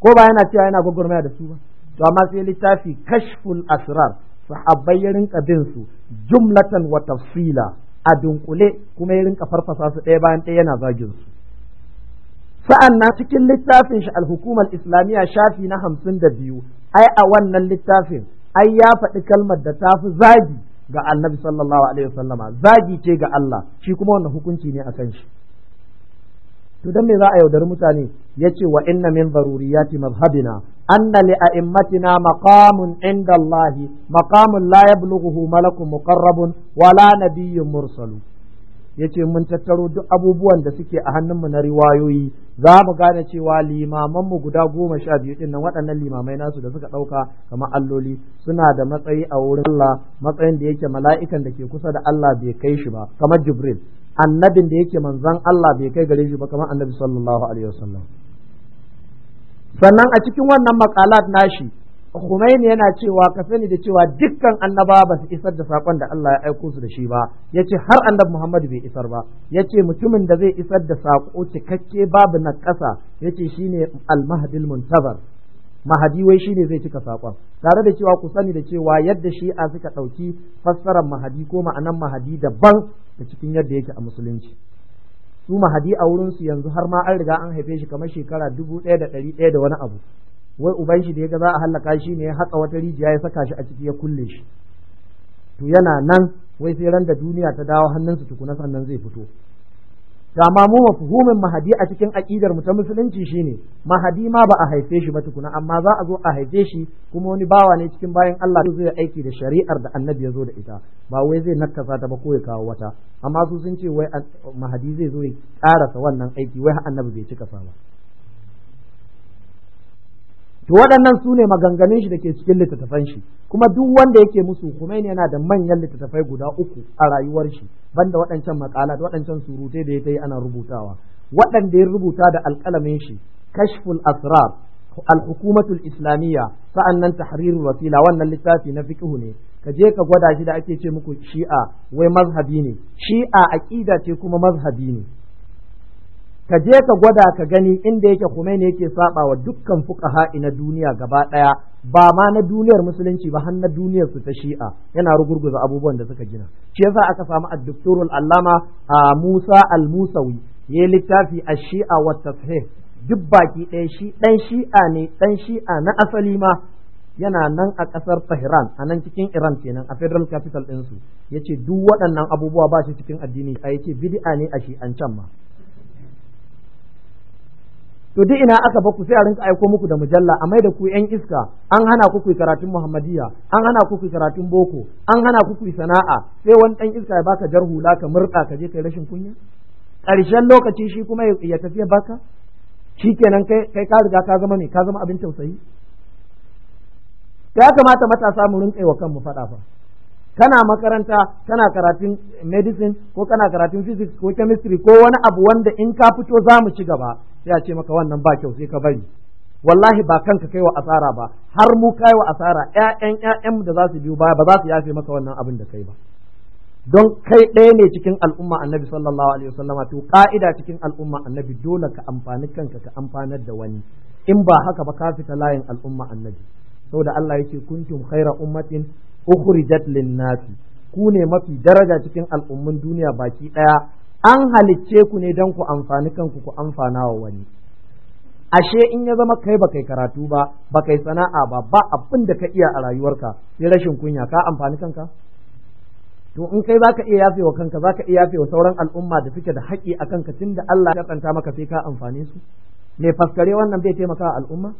Speaker 1: ko ba yana cewa yana gwagwarmaya da su ba to amma sai littafi kashful asrar sahabbai ya rinka bin su jumlatan wa tafsila a dunkule kuma ya rinka farfasa su ɗaya bayan ɗaya yana zagin su sa'an na cikin littafin shi al-hukumar islamiyya shafi na hamsin da biyu ai a wannan littafin ai ya faɗi kalmar da ta fi zagi ga annabi sallallahu alaihi wasallama zagi ce ga Allah shi kuma wannan hukunci ne kan shi to dan me za a yaudari mutane yace wa inna min daruriyati mazhabina anna li a'immatina maqamun inda Allah maqamun la yablughuhu malakun muqarrabun wala nabiyyun mursalu yace mun tattaro duk abubuwan da suke a hannunmu na riwayoyi za mu gane cewa limamanmu guda goma sha biyu ɗin nan waɗannan limamai nasu da suka ɗauka kamar alloli suna da matsayi a wurin Allah matsayin da yake mala'ikan da ke kusa da Allah bai kai shi ba kamar Jibril annabin da yake manzon Allah bai kai gare shi ba kamar annabi sallallahu alaihi wasallam sannan a cikin wannan makalat nashi Khumaini yana cewa ka sani da cewa dukkan annaba ba su isar da sakon da Allah ya aiko su da shi ba yace har annab Muhammad bai isar ba yace mutumin da zai isar da sako cikakke babu na ƙasa yace shine al al muntazar mahadi wai shine zai cika sakon tare da cewa ku sani da cewa yadda shi a suka ɗauki fassarar mahadi ko ma'anan mahadi daban da cikin yadda yake a musulunci su mahadi a wurinsu yanzu har ma an riga an haife shi kamar shekara dubu ɗaya da ɗari ɗaya da wani abu wai uban shi da ya ga za a hallaka shi ne ya haƙa wata rijiya ya saka shi a ciki ya kulle shi to yana nan wai sai ran da duniya ta dawo hannunsa tukuna sannan zai fito ga ma mu mafhumin mahadi a cikin aqidar mu ta musulunci shi ne mahadi ma ba a haife shi ba tukuna amma za a zo a haife shi kuma wani bawa ne cikin bayan Allah zai aiki da shari'ar da annabi ya zo da ita ba wai zai nakasa ta ba ko ya kawo wata amma su sun ce wai mahadi zai zo ya karasa wannan aiki wai annabi bai cika sa ba to waɗannan su ne maganganun shi da ke cikin littattafan shi kuma duk wanda yake musu Khomeini yana da manyan littattafai guda uku a rayuwar shi banda waɗancan maƙala da waɗancan surutai da ya yi ana rubutawa waɗanda ya rubuta da alƙalamin shi kashful asrar al-hukumatul islamiyya sa'annan tahrirul wasila wannan littafi na fiqh ne ka je ka gwada shi da ake ce muku shi'a wai mazhabi ne shi'a aqida ce kuma mazhabi ne ka je ka gwada ka gani inda yake Khomeini yake saba wa dukkan fuqaha ina duniya gaba daya ba ma na duniyar musulunci ba har na duniyar su ta shi'a yana rugurguza abubuwan da suka gina shi yasa aka samu ad alama allama a Musa al-Musawi yayi littafi ash-shi'a wa tashih duk baki ɗaya shi ɗan shi'a ne ɗan shi'a na asali ma yana nan a ƙasar Tehran a nan cikin Iran kenan a federal capital ɗinsu yace duk waɗannan abubuwa ba shi cikin addini a yace bid'a ne a shi'an can ma to duk ina aka baku sai a rinka aiko muku da mujalla a da ku yan iska an hana ku kuyi karatun muhammadiya an hana ku kuyi karatun boko an hana ku kuyi sana'a sai wani dan iska ya baka jar hula ka murka ka je kai rashin kunya ƙarshen lokaci shi kuma ya tafi ya baka shikenan kai kai ka riga ka zama ne ka zama abin tausayi ya kamata matasa mu rinka wa kanmu fada fa kana makaranta kana karatun medicine ko kana karatun physics ko chemistry ko wani abu wanda in ka fito za mu ci gaba sai a ce maka wannan ba kyau sai ka bari wallahi ba kanka kai wa asara ba har mu kai wa asara ƴaƴan ƴaƴan da za su biyo baya ba za su yafe maka wannan abin da kai ba don kai ɗaya ne cikin al'umma annabi sallallahu alaihi wasallam to ka'ida cikin al'umma annabi dole ka amfani kanka ka amfanar da wani in ba haka ba ka fita layin al'umma annabi saboda Allah yake kuntum khaira ummatin ukhrijat lin-nasi ku ne mafi daraja cikin al'ummin duniya baki ɗaya an halicce ku ne don ku amfani kanku ku amfana wa wani ashe in ya zama kai ba kai karatu ba ba kai sana'a ba ba abin da ka iya a rayuwarka sai rashin kunya ka amfani kanka to in kai zaka iya yafe wa kanka zaka iya yafe wa sauran al'umma da suke da haƙƙi a kanka tunda Allah ya tsanta maka sai ka amfane su me faskare wannan bai taimaka al'umma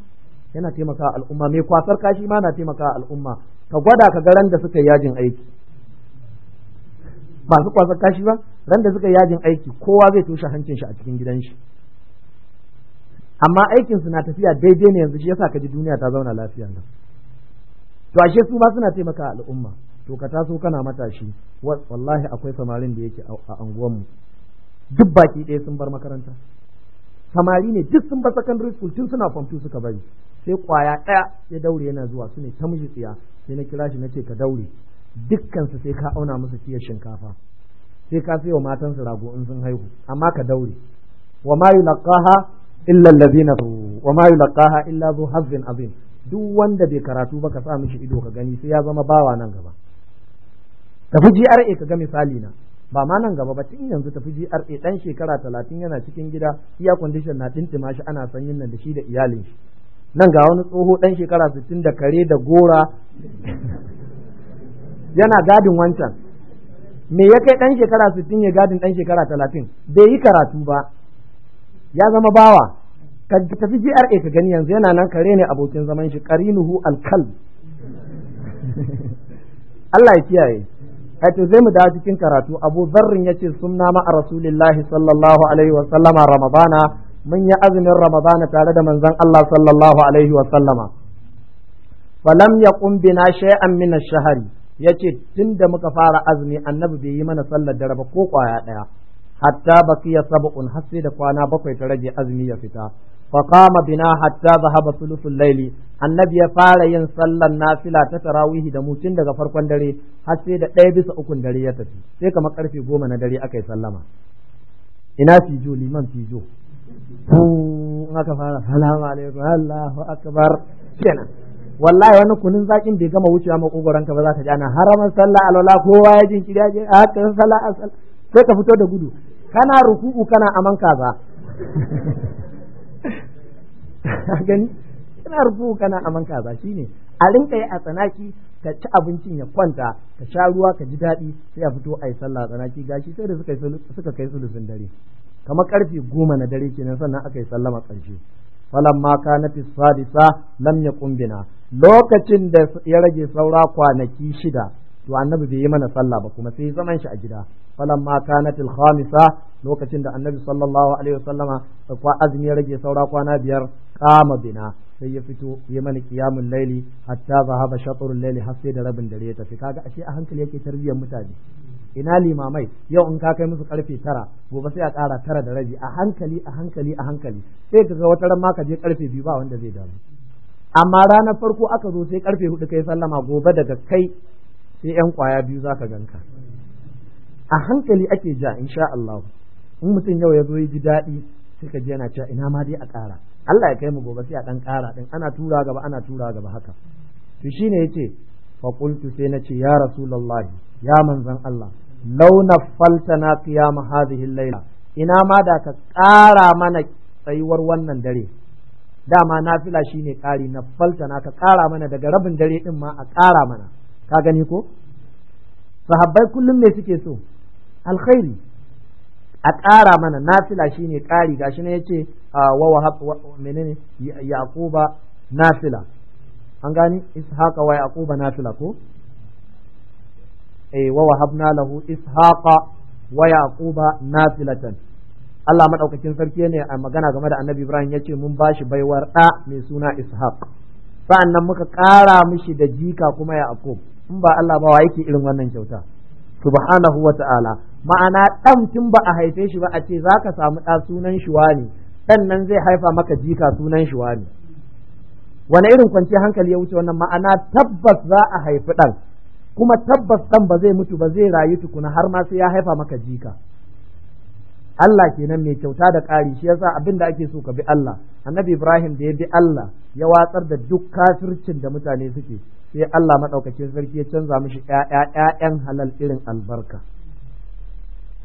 Speaker 1: yana taimaka al'umma me kwasar kashi ma na taimaka al'umma ka gwada ka garan da suka yajin aiki ba su kwasar kashi ba ran da suka yajin aiki kowa zai toshe hancin shi a cikin gidan shi amma aikin su na tafiya daidai ne yanzu shi yasa ji duniya ta zauna lafiya nan to ashe su ma suna taimaka al'umma to ka taso kana matashi wallahi akwai samarin da yake a mu. duk baki ɗaya sun bar makaranta samari ne duk sun bar sakandare, school tun suna form suka bari sai kwaya ɗaya ya daure yana zuwa su ne ta mishi tsiya sai na kira shi na ce ka daure dukkan su sai ka auna musu tiyar shinkafa sai ka wa matan su rago in sun haihu amma ka daure wa ma yulqaha illa allazina wa ma yulqaha illa zu hazzin azim duk wanda bai karatu ba ka sa mishi ido ka gani sai ya zama bawa nan gaba tafi GRA ka ga misali na ba ma nan gaba ba tun yanzu tafi GRA ɗan shekara talatin yana cikin gida iya condition na tintima shi ana sanyin nan da shi da iyalin shi nan ga wani tsoho dan shekara sittin da kare da gora yana gadin wancan me ya kai ɗan shekara sittin ya gadin ɗan shekara talatin bai yi karatu ba ya zama bawa ka tafi GRA ka gani yanzu yana nan kare ne abokin zaman shi Karinuhu alkal <laughs> Allah ya kiyaye to zai mu dawo cikin karatu Abu Dharrin yace sunna ma Rasulillahi sallallahu alaihi wa sallama Ramadana mun yi azumin Ramadana tare da manzan Allah sallallahu alaihi wa sallama falam yaqum bina shay'an min ash-shahri ya ce tun da muka fara azumi annabi bai yi mana sallar dare ba ko kwaya ɗaya hatta baki bakiya sab'un har sai da kwana bakwai ta rage azumi ya fita fa qama bina hatta zahaba sulusun layli annabi ya fara yin sallar nafila ta tarawihi da mu tun daga farkon dare har da ɗaya bisa ukun dare ya tafi sai kama karfe goma na dare aka yi sallama ina jo liman fijo in aka fara salamu alaikum allahu akbar kenan wallahi wani kunin zakin bai gama wucewa makogoron ka ba za ka jana haraman sallah alwala kowa ya jin kiriya je ah, a ka sallah sai ka fito da gudu kana ruku'u kana aman kaza <laughs> gani kana ruku'u kana aman kaza shine a rinka yi a tsanaki ka ci abincin ya kwanta ka sha ruwa ka ji daɗi sai a fito a yi sallah a tsanaki gashi sai da suka kai sulusun dare kamar karfe goma na dare kenan sannan aka yi sallama ƙarshe falamma na sadisa lam ya kumbina lokacin da ya rage saura kwanaki shida to annabi bai yi mana sallah ba kuma sai zaman shi a gida falamma kanatil khamisa lokacin da annabi sallallahu alaihi wasallama kwa azumi ya rage saura kwana biyar kama bina sai ya fito ya mana qiyamul laili hatta zahaba shatrul laili har sai da rabin dare ya tafi kaga ashe a hankali yake tarbiyyar mutane ina limamai yau in ka kai musu karfe tara gobe sai a kara tara da rabi a hankali a hankali a hankali sai ka ga wata ran ma ka je karfe biyu ba wanda zai damu amma ranar farko aka zo sai karfe hudu kai sallama gobe daga kai sai yan kwaya biyu za ka ganka a hankali ake ja insha Allah in mutum yau ya zo ya ji daɗi sai ka ji yana cewa ina ma dai a ƙara Allah ya kai mu gobe sai a ɗan ƙara ɗin ana tura gaba ana tura gaba haka to shi ne yace fa qultu sai na ce ya rasu lallahi ya manzon Allah law naffaltana qiyam hadhihi al-layla ina ma da ka ƙara mana tsayuwar wannan dare dama na nafila shine ƙari na faltana ka ƙara mana daga rabin dare ɗin ma a ƙara mana ka gani ko sahabbai kullum me suke so alkhairi a ƙara mana na nafila shine ƙari gashi ya yace ah, wa wa menene yaquba fila an gani ishaqa wa yaquba fila ko eh wa lahu ishaqa wa yaquba filatan Allah madaukakin sarki ne a magana game da Annabi Ibrahim yace mun bashi baiwar da mai suna Ishaq sa'annan muka kara mishi da jika kuma Yaqub in ba Allah ba wa yake irin wannan kyauta subhanahu wa ta'ala ma'ana dan tun ba a haife shi ba a ce zaka samu da sunan shi wani dan nan zai haifa maka jika sunan shi wani wani irin kwanci hankali ya wuce wannan ma'ana tabbas za a haifi dan kuma tabbas ɗan ba zai mutu ba zai rayu tukuna har ma sai ya haifa maka jika Allah kenan mai kyauta da ƙari shi yasa abin da ake so ka bi Allah annabi Ibrahim da ya bi Allah ya watsar da duk kafircin da mutane suke sai Allah maɗaukacin sarki ya canza mishi ƴaƴa ƴaƴan halal irin albarka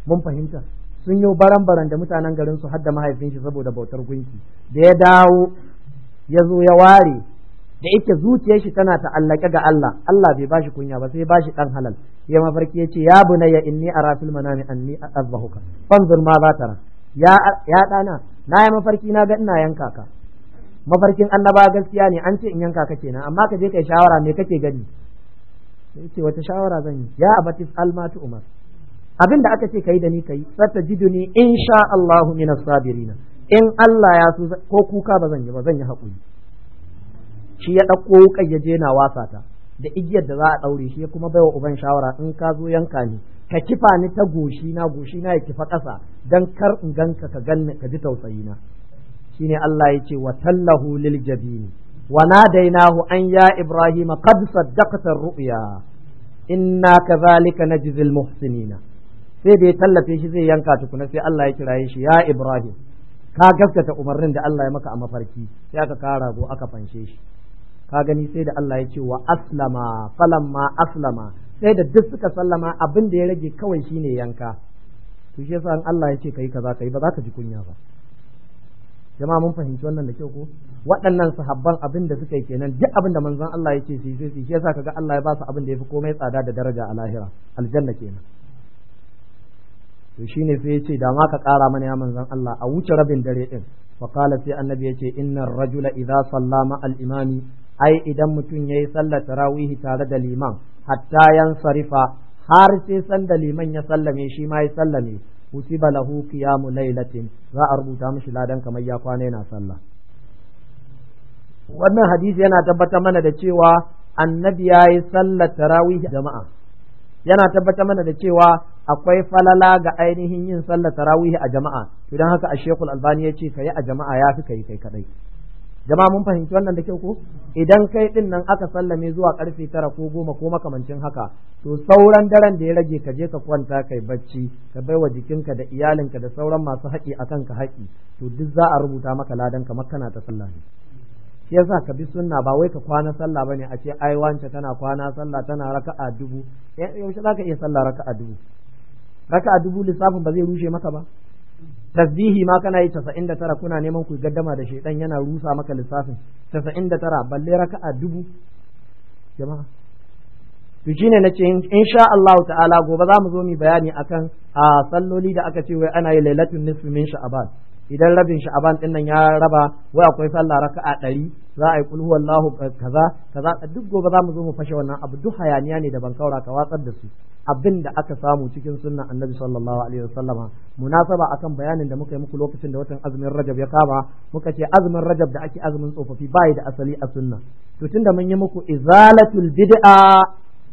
Speaker 1: mun fahimta sun yi baran baran da mutanen garin su hadda mahaifin shi saboda bautar gunki da ya dawo ya zo ya ware da yake zuciyar shi tana ta'allaka ga Allah Allah bai bashi kunya ba sai bashi dan halal ya mafarki yace ya bunayya inni ara fil manami anni azbahuka fanzur ma za tara ya ya dana na yi mafarki na ga ina yanka ka mafarkin annaba gaskiya ne an ce in yanka ka kenan amma ka je kai shawara me kake gani yace wata shawara zan yi ya abati almatu umar abin da aka ce kai da ni kai jiduni insha Allahu minas sabirina in Allah ya so ko kuka ba yi ba zan yi hakuri shi ya ɗauko wuƙar ya je na wasa ta da igiyar da za a ɗaure shi ya kuma baiwa uban shawara in ka zo yanka ni ka kifa ni ta goshi na goshi na ya kifa ƙasa dan kar in ganka ka ganni ka ji tausayi na shine Allah ya ce wa tallahu lil jabini wa nadainahu an ya ibrahima qad saddaqta ru'ya inna na najzi al muhsinina sai da ya tallafe shi zai yanka tukuna sai Allah ya kiraye shi ya ibrahim ka gaskata umarnin da Allah ya maka a mafarki sai aka kara go aka fanshe shi ka gani sai da Allah ya ce wa aslama falamma aslama sai da duk suka sallama abin da ya rage kawai shine yanka to shi yasa Allah ya ce kai kaza kai ba za ka ji kunya ba jama'a mun fahimci wannan da kyau ko waɗannan sahabban abin da suka yi kenan duk abin da manzon Allah ya ce su sai su shi yasa kaga Allah ya ba su abin da yafi komai tsada da daraja a lahira aljanna kenan to shine sai ya ce da ma ka ƙara mana ya manzon Allah a wuce rabin dare din sai annabi ya ce innar rajula idza sallama al imani ai idan mutum ya yi sallar tarawihi tare da liman hatta yan sarifa har sai sanda liman ya sallame shi ma ya sallame kutiba lahu qiyamu lailatin za a rubuta mishi ladan kamar ya kwana yana sallah wannan hadisi yana tabbatar mana da cewa annabi ya yi sallar tarawihi jama'a yana tabbatar mana da cewa akwai falala ga ainihin yin sallar tarawihi a jama'a idan haka a shekul albani ya ce ka yi a jama'a ya fi ka yi kai kadai jama'a mun fahimci wannan da kyau ko idan kai din nan aka sallame zuwa karfe tara ko goma ko makamancin haka to sauran daren da ya rage ka je ka kwanta kai bacci ka bai wa jikinka da iyalinka da sauran masu haƙi akan ka haƙi to duk za a rubuta maka ladan ka makana ta sallah ne shi yasa ka bi sunna ba wai ka kwana sallah bane a ce ai wance tana kwana sallah tana raka'a dubu eh, yaushe za ka iya sallah raka'a dubu raka'a dubu lissafin ba zai rushe maka ba tasbihi ma kana yi casa'in da tara kuna neman ku gaddama da shaidan yana rusa maka lissafin da tara balle raka'a dubu jama'a to shine in insha Allah ta'ala gobe za mu zo mu bayani akan a salloli da aka ce wai ana yi lailatul nisfi min sha'ban idan rabin sha'aban din nan ya raba wai akwai sallah raka'a ɗari za a yi kulhu wallahu kaza kaza duk gobe za mu zo mu fashe wannan abu duk hayaniya ne da ban kaura ka watsar da su abin da aka samu cikin sunna annabi sallallahu alaihi wasallama munasaba akan bayanin da muka yi muku lokacin da watan azumin rajab ya kama muka ce azumin rajab da ake azumin tsofaffi bai da asali a sunna to tunda mun yi muku izalatul bid'a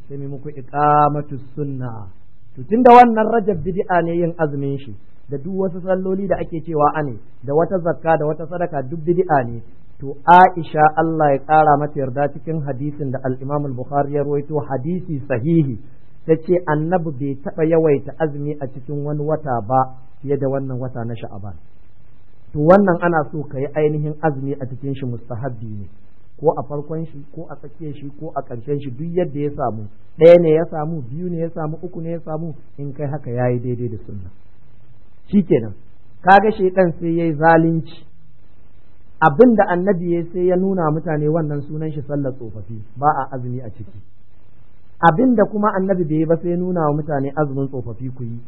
Speaker 1: sai mu muku Iqamatu sunna to tunda wannan rajab bid'a ne yin azumin shi da duk wasu salloli da ake cewa ane da wata zakka da wata sadaka duk bid'a ne to Aisha Allah ya ƙara mata yarda cikin hadisin da al-Imam al-Bukhari ya rawaito hadisi sahihi tace annabi bai taɓa yawaita azumi a cikin wani wata ba fiye da wannan wata na Sha'aban to wannan ana so ka yi ainihin azumi a cikin shi mustahabbi ne ko a farkon shi ko a tsakiyar shi ko a ƙarshen shi duk yadda ya samu ɗaya ne ya samu biyu ne ya samu uku ne ya samu in kai haka yayi daidai da sunna shikenan kaga shedan sai yayi zalunci abin da annabi ya sai ya nuna mutane wannan sunan shi sallar tsofaffi ba a azumi a ciki abin da kuma annabi bai ba sai ya nuna wa mutane azumin tsofaffi ku yi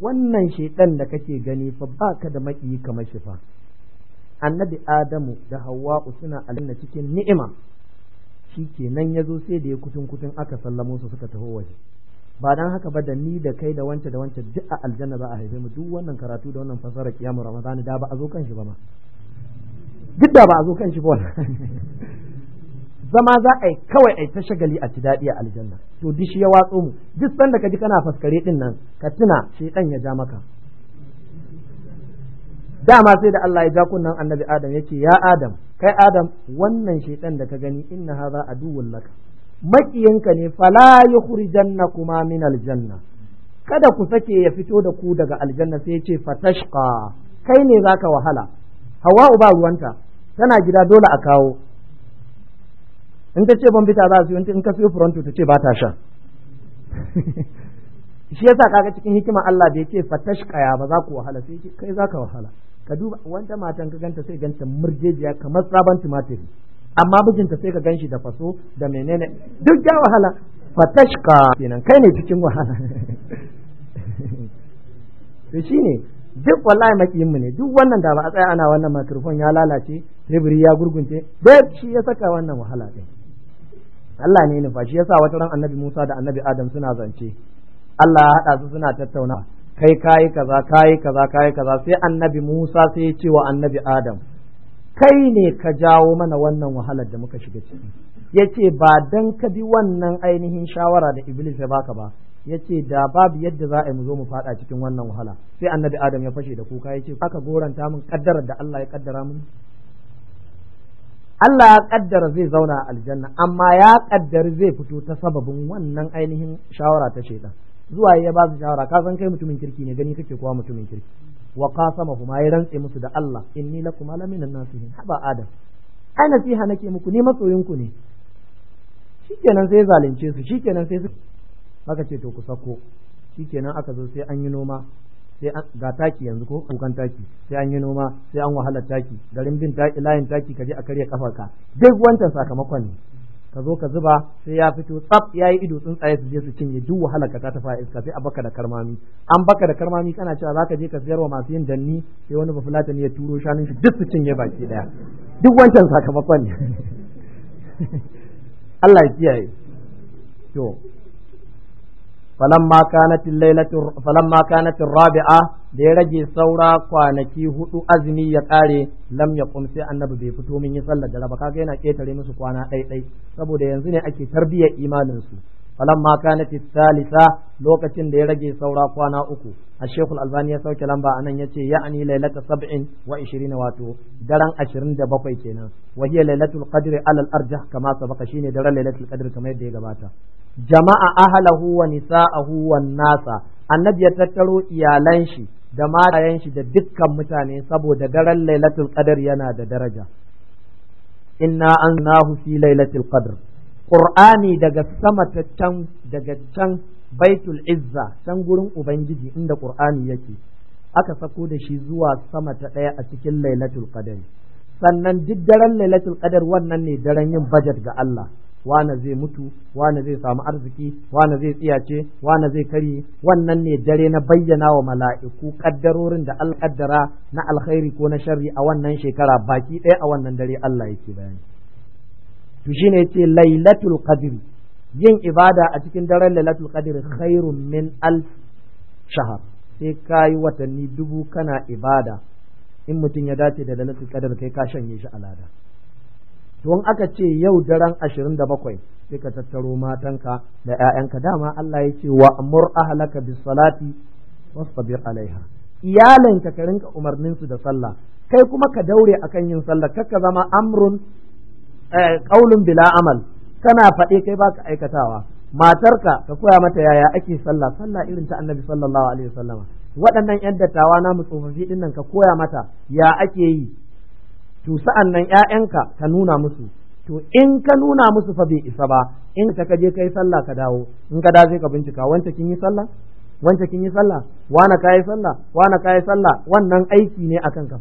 Speaker 1: wannan shaidan da kake gani fa ba ka da maƙiyi kamar shi fa annabi adamu da hawa'u suna aljanna cikin ni'ima shi kenan ya zo sai da ya kutun kutun aka sallamo su suka taho waje ba dan haka ba da ni da kai da wance da wance duk a aljanna za a haife mu duk wannan karatu da wannan fasara kiyamu ramadani da ba a zo kan shi ba ma duk da ba a zo kan shi ba zama za a yi kawai a yi ta shagali a ci daɗi a aljanna to duk shi ya watso mu duk sanda ka ji kana faskare din nan ka tuna shaitan ya ja maka dama sai da Allah ya ja kunnan annabi Adam ya ya Adam kai Adam wannan shaitan da ka gani inna hadha aduwwun laka makiyanka ne fala kuma min aljanna kada ku sake ya fito da ku daga aljanna sai ya ce fatashqa kai ne zaka wahala hawa ba ruwanta tana gida dole a kawo in ka ce ban bita za su yi in ka siyo furantu ta ce ba ta sha <laughs> shi yasa kaga cikin hikima Allah da yake tashkaya ba za ku wahala sai yake kai za ka wahala ka duba wanda matan ka ganta sai ganta murjejiya kamar sabon tumatiri amma mijinta sai ka ganshi da faso da menene duk ya wahala fatashka kenan kai ne cikin wahala <laughs> to shine duk wallahi makiyin mu ne duk wannan da ba a tsaya ana wannan microphone ya lalace ribiri ya gurgunce duk shi ya saka wannan wahala din Allah ne nufa shi yasa wata ran Annabi Musa da Annabi Adam suna zance Allah ya haɗa su suna tattauna kai kayi kaza kayi kaza kayi kaza sai Annabi Musa sai ya ce wa Annabi Adam kai ne ka jawo mana wannan wahalar da muka shiga ciki yace ba dan ka bi wannan ainihin shawara da Iblis ya baka ba yace da babu yadda za a yi mu zo mu fada cikin wannan wahala sai annabi adam ya fashe da kuka ya ce aka goranta min kaddarar da Allah ya kaddara mun. Allah ya kaddara zai zauna a aljanna amma ya kaddari zai fito ta sababin wannan ainihin shawara ta shaidan zuwa ya ba su shawara ka san kai mutumin kirki ne gani kake kuwa mutumin kirki wa qasama huma ya rantse musu da Allah inni lakum minan nasihin haba adam ai nasiha nake muku ne masoyinku ne shikenan sai zalunce su shikenan sai su aka ce to ku sako shikenan aka zo sai an yi noma sai ga taki yanzu ko kukan taki sai an yi noma sai an wahala taki garin bin layin taki kaje a karya ka duk wancan sakamakon ne ka zo ka zuba sai ya fito tsaf ya yi ido tsuntsaye su je su cinye duk wahala ka ta tafa iska sai a baka da karmami an baka da karmami kana cewa za ka je ka ziyarwa masu yin danni sai wani ne ya turo shanun shi duk su cinye baki daya duk wancan sakamakon ne <laughs> Allah ya kiyaye to falamma kanat rabi'a da ya rage saura kwanaki hudu azumi ya kare lam ya annabi bai fito min yi sallar da raba kaga yana ketare musu kwana ɗaiɗai saboda yanzu ne ake tarbiyyar imanin su falamma kanat Salisa. lokacin da ya rage saura kwana uku a shekul albani ya sauke lamba a nan ya ce ya'ani lailata sab'in wa ishirin wato daren ashirin da bakwai kenan wa hiya lailatul qadri alal arjah kama sabaka shine daren lailatul qadri kamar yadda ya gabata jama'a ahlahu wa a huwan nasa annabi ya tattaro iyalan shi da matayen shi da dukkan mutane saboda daren lailatul qadr yana da daraja inna annahu fi lailatul qadr qur'ani daga sama ta can daga can baitul izza can gurin ubangiji inda qur'ani yake aka sako da shi zuwa sama ta ɗaya a cikin lailatul qadar sannan duk daren lailatul qadar wannan ne daren yin budget ga Allah wane zai mutu wane zai samu arziki wane zai tsiyace wane zai karye wannan ne dare na bayyana wa mala'iku kaddarorin da Allah kaddara na alkhairi ko na sharri a wannan shekara baki ɗaya a wannan dare Allah yake bayani to shine yace lailatul qadri yin ibada a cikin daren lalatul qadr khairun min alf shahar sai kayi watanni dubu kana ibada in mutum ya dace da lalatul qadr kai ka shanye shi alada to in aka ce yau daren 27 sai ka tattaro matanka da ƴaƴanka dama Allah ya ce wa amur ahlaka bis salati wasbir alaiha iyalanka ka rinka umarnin su da sallah kai kuma ka daure akan yin sallah kakka zama amrun eh, qaulun bila amal kana faɗe kai baka aikatawa matarka ka koya mata yaya ake sallah sallah irin ta annabi sallallahu alaihi wasallam waɗannan yan dattawa na tsofaffi din nan ka koya mata ya ake yi to sa'an nan ƴaƴanka ka nuna musu to in ka nuna musu fa bai isa ba in ka kaje kai sallah ka dawo in ka da sai ka bincika wanda kin yi sallah wanda kin yi sallah wana kai sallah wana kai sallah wannan aiki ne akan ka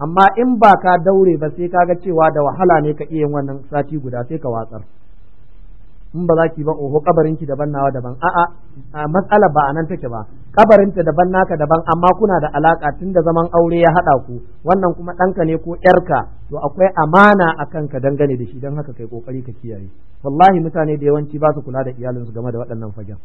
Speaker 1: amma in ba ka daure ba sai ka ga cewa da wahala ne ka iya yin wannan sati guda sai ka watsar in ba za ki ba oho kabarin ki daban nawa daban a'a matsala ba anan take ba kabarin daban naka daban amma kuna da alaka tun da zaman aure ya hada ku wannan kuma ɗanka ne ko ƴarka to akwai amana a kanka dangane da shi don haka kai kokari ka kiyaye wallahi mutane da yawanci ba su kula da iyalinsu game da waɗannan fagen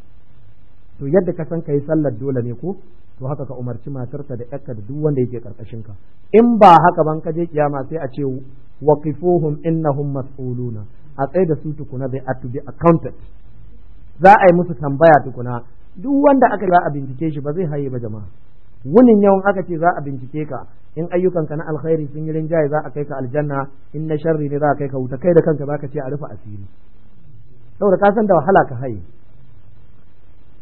Speaker 1: to yadda ka san ka yi sallar dole ne ko to haka ka umarci matarka da ƴarka da duk wanda yake ƙarƙashin ka in ba haka ban ka je kiyama sai a ce waqifuhum innahum mas'uluna a tsaye da su tukuna they are to be accounted za a yi musu tambaya tukuna duk wanda aka yi za a bincike shi ba zai haye ba jama'a wunin yawan aka ce za a bincike ka in ayyukanka na alkhairi sun yi rinjaye za a kai ka aljanna in na sharri ne za a kai ka wuta kai da kanka za ka ce a rufe asiri saboda ka san da wahala ka haye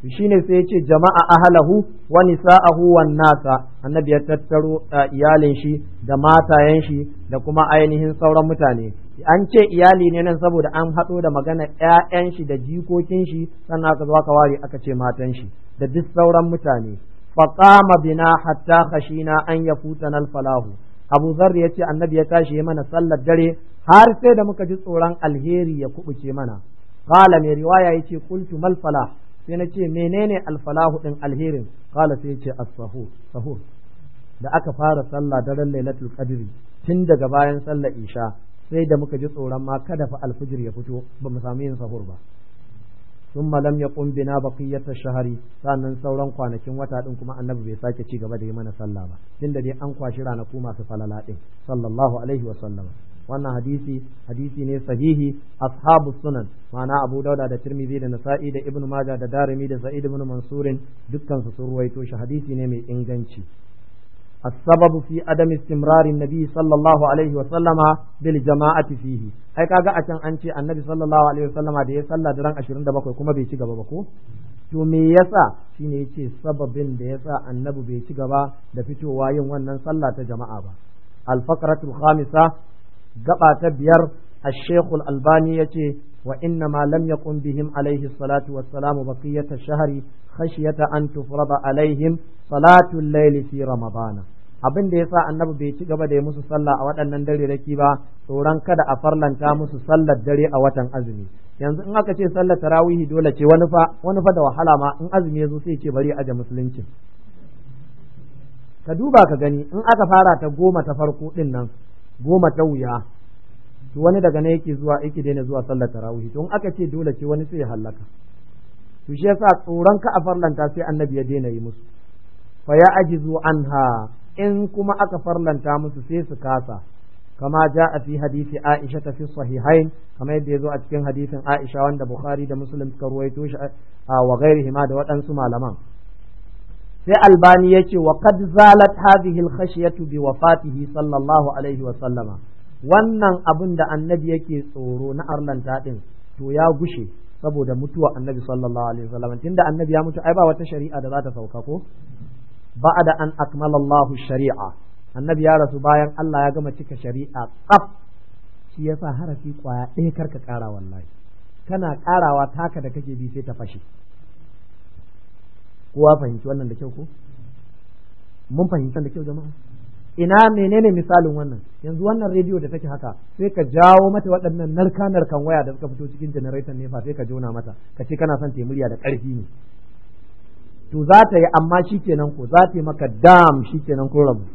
Speaker 1: shine sai ya ce jama'a ahalahu wa nisa'ahu wan nasa annabi ya tattaro eh, iyalin shi da matayen shi da kuma ainihin sauran mutane an ce iyali ne nan saboda an haɗo da magana ƴaƴan shi da jikokin shi sannan aka zo aka ware aka ce matan shi da duk sauran mutane faqama bina hatta khashina an yafutana al-falahu Abu Zar ya ce annabi ya tashi ya mana sallar dare har sai da muka ji tsoron alheri ya kubuce mana qala mai riwaya yace qultu mal falah sai na ce menene alfalahu din alherin kala sai ce as-sahur da aka fara sallah daren lailatul qadri tun daga bayan sallar isha sai da muka ji tsoron ma kada fa alfijir ya fito ba mu samu yin sahur ba ثم ya يقم bina baqiyata shahri sannan sauran kwanakin wata din kuma annabi bai sake ci gaba da yi mana sallah ba tunda dai an kwashi ranaku masu falala din sallallahu alaihi wa sallam wannan hadisi hadisi ne sahihi ashabu sunan ma'ana abu dauda da tirmidhi da nasa'i da ibnu majah da darimi da sa'id ibn mansurin dukkan su sun ruwaito shi hadisi ne mai inganci السبب في عدم استمرار النبي صلى الله عليه وسلم بالجماعة فيه ai kaga a can an ce annabi sallallahu alaihi wasallam da ya salla da ran 27 kuma bai ci gaba ba ko to me yasa ne yace sababin da yasa annabi bai ci gaba da fitowa yin wannan sallah ta jama'a ba al-faqratul khamisa gaba ta biyar الشيخ الألباني يتي وإنما لم يقم بهم عليه الصلاة والسلام بقية الشهر خشية أن تفرض عليهم Salatu الليل في Ramadana. abin da yasa annabi bai ci gaba da ya musu sallah a waɗannan dare raki ba tsoron kada a farlanta musu sallar dare a watan azumi yanzu in aka ce sallar tarawihi dole ce wani fa wani fa da wahala ma in azumi yazo sai ce bari aje musulunci ka duba ka gani in aka fara ta goma ta farko din nan goma ta wuya to wani daga nan yake zuwa yake daina zuwa sallar tarawih to aka ce dole ce wani sai ya halaka to shi yasa tsoron ka a farlanta sai annabi ya daina yi musu fa ya ajizu anha in kuma aka farlanta musu sai su kasa kama ja a fi hadisi Aisha ta fi sahihain kama yadda zo a cikin hadisin Aisha wanda Bukhari da Muslim suka ruwaito shi a wa hima da waɗansu malaman sai albani yace wa kad zalat hadhihi alkhashiyatu biwafatihi bi wafatihi sallallahu alaihi wa sallama wannan abin da annabi yake tsoro na arlanta din to ya gushe saboda mutuwa annabi sallallahu alaihi wa sallama tunda annabi ya mutu ai ba wata shari'a da za ta sauka ko ba'da an akmala Allahu shari'a annabi ya rasu bayan Allah ya gama cika shari'a tsaf shi yasa harafi kwaya ɗaya karka ƙara wallahi kana ƙarawa taka da kake bi sai ta fashe kowa fahimci wannan da kyau ko mun fahimta da kyau jama'a ina menene misalin wannan yanzu wannan rediyo da take haka sai ka jawo mata waɗannan narka narkan waya da suka fito cikin generator nefa sai ka jona mata ka ce kana son murya da ƙarfi ne to za ta yi amma shi kenan ko za ta yi maka dam shi kenan ko rabu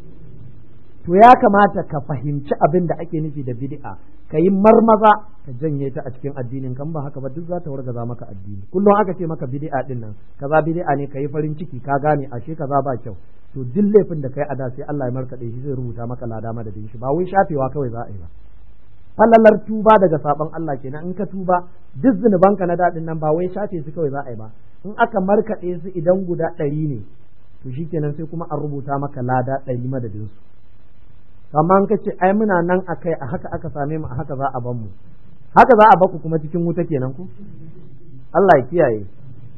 Speaker 1: to ya kamata ka fahimci abin da ake nufi da bid'a ka yi marmaza ka janye ta a cikin addinin kan ba haka ba duk za ta wargaza maka addini kullum aka ce maka bid'a din nan kaza bid'a ne ka yi farin ciki ka gane ashe kaza ba kyau to duk laifin da kai a da sai Allah ya markade shi zai rubuta maka lada madadin shi ba wai shafewa kawai za a yi ba falalar tuba daga sabon Allah kenan in ka tuba duk zunubanka na daɗin nan ba wai shafe su kawai za a yi ba in aka markaɗe su idan guda ɗari ne to shikenan sai kuma an rubuta maka lada ɗari madadin su amma an kace ai muna nan kai a haka aka same mu a haka za a ban mu haka za a baku kuma cikin wuta kenan ku Allah ya kiyaye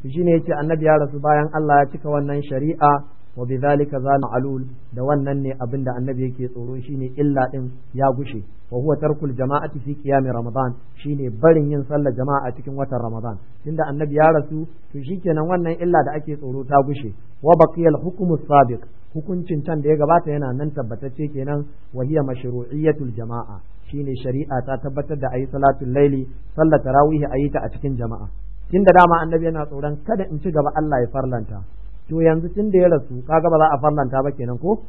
Speaker 1: shi ya yace annabi ya rasu bayan Allah ya cika wannan shari'a wa bi zalika zana alul da wannan ne abin da annabi yake tsoro shine illa din ya gushe wa huwa tarkul jama'ati fi qiyam ramadan shine barin yin sallar jama'a cikin watan ramadan tunda annabi ya rasu to shikenan wannan illa da ake tsoro ta gushe wa baqiyal hukmu sabiq hukuncin can da ya gabata yana nan tabbatacce kenan wa hiya mashru'iyyatul jama'a shine shari'a ta tabbatar da ayi salatul laili sallar tarawih ayi ta a cikin jama'a tunda dama annabi yana tsoron kada in ci gaba Allah ya farlanta to yanzu tun da ya rasu kaga ba za a farlanta ba kenan ko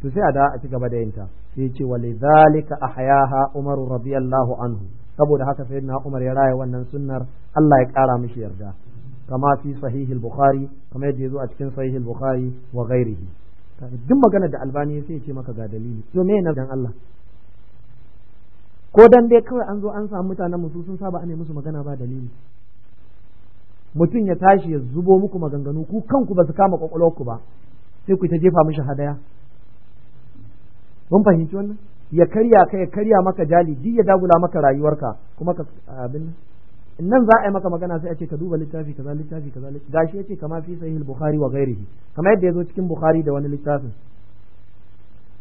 Speaker 1: to sai a da a ci gaba da yinta sai ce walidhalika ahyaha umar radiyallahu anhu saboda haka sayyidina umar ya raya wannan sunnar Allah ya kara mishi yarda kama fi sahih al-bukhari kama yadda yazo a cikin sahih al-bukhari wa ghairihi duk magana da albani sai ya ce maka ga dalili to me na dan Allah ko dan dai kawai an zo an samu mutanen musu sun saba ne musu magana ba dalili mutum ya tashi ya zubo muku maganganu ku kanku ba su kama ku ba sai ku ta jefa mishi hadaya mun fahimci wannan ya karya ka ya karya maka jali duk ya dagula maka rayuwarka kuma ka abin nan za a yi maka magana sai a ce ka duba littafi kaza littafi kaza gashi yace kama fi sahih bukhari wa ghairihi kamar yadda ya zo cikin bukhari da wani littafin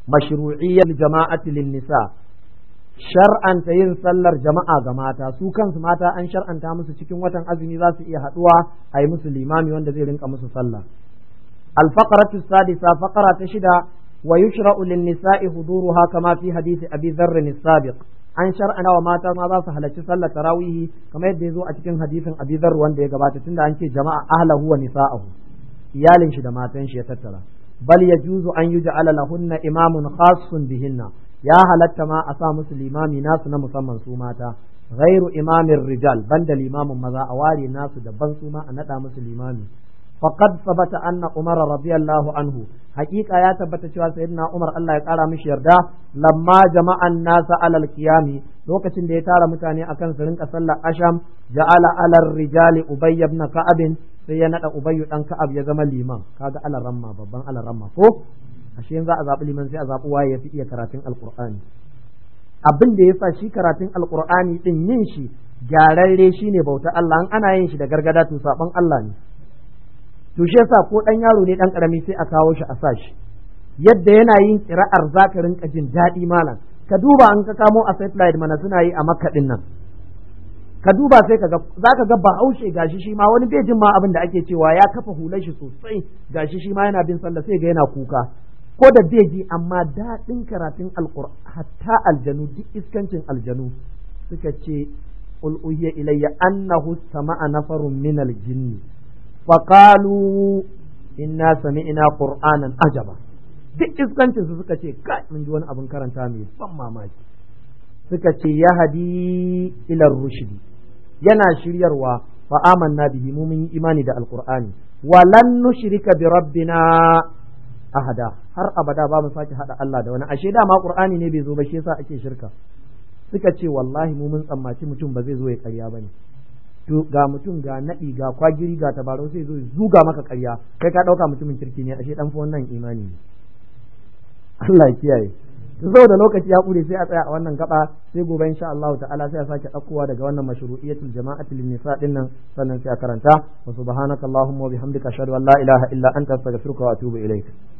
Speaker 1: mashru'iyyat jama'ati lin nisa shar'anta yin sallar jama'a ga mata su kansu mata an shar'anta musu cikin watan azumi za su iya haduwa a yi musu limami wanda zai rinka musu sallah alfaqaratu sadisa faqara ta shida wa yushra'u lin nisa'i huduruha kama fi hadisi abi dharr sabiq an shar'ana wa mata ma za su halarci sallar tarawihi kamar yadda ya zo a cikin hadisin abi dharr wanda ya gabata tunda an ce jama'a ahlahu wa nisa'ahu iyalin shi da matan shi ya tattara bal yajuzu an alala lahunna imamun khassun bihinna ya halatta ma a sa musu limami nasu na musamman su mata ghairu imamin rijal banda limamin maza a ware nasu daban su ma a nada musu limami faqad sabata anna umar radiyallahu anhu haqiqa ya tabbata cewa sayyidina umar Allah ya kara mishi yarda lamma jama'an nasa alal qiyami lokacin da ya tara mutane akan su rinka sallar asham ja'ala alal rijali ubay ibn ka'ab sai ya nada ubayyu dan ka'ab ya zama liman kaga alaramma babban alaramma ko ashe yanzu a zaɓi liman sai a zaɓi waye ya fi iya karatun alƙur'ani abin da ya sa shi karatun alƙur'ani ɗin yin shi gyararre shi ne bauta Allah an ana yin shi da gargada to saɓon Allah ne to shi yasa ko ɗan yaro ne ɗan ƙarami sai a kawo shi a sa shi yadda yana yin ƙira'ar za ka rinka jin daɗi malam ka duba an ka kamo a satellite mana suna yi a makaɗin nan ka duba sai ka ga, za ka ga bahaushe gashi shi ma wani bai ma abin da ake cewa ya kafa hular shi sosai gashi shi ma yana bin sallah sai ga yana kuka ko da zai ji amma daɗin karatun alƙur'ani hatta aljanu duk iskancin aljanu suka ce qul uhiya ilayya annahu sama'a nafarun min aljinn fa qalu inna sami'na qur'anan ajaba duk iskancin su suka ce kai mun ji wani abin karanta mai ban mamaki suka ce yahdi ilar rushdi yana shiryarwa fa amanna bihi mu mun yi imani da alqur'ani walan nushrika bi rabbina ahada har abada ba mu sake hada Allah da wani ashe da ma qur'ani ne bai zo ba shi yasa ake shirka suka ce wallahi mu mun tsammaci mutum ba zai zo ya ƙarya bane to ga mutum ga naɗi ga kwagiri ga tabarau sai zo zuga maka karya kai ka ɗauka mutumin kirki ne ashe dan fa wannan imani ne Allah ya kiyaye to da lokaci ya ƙure sai a tsaya a wannan gaba sai gobe insha Allah ta'ala sai a sake ɗaukowa daga wannan mashru'iyatul jama'ati lin nisa din nan sannan sai a karanta wa subhanakallahumma wa bihamdika ashhadu an la ilaha illa anta astaghfiruka wa atubu ilayk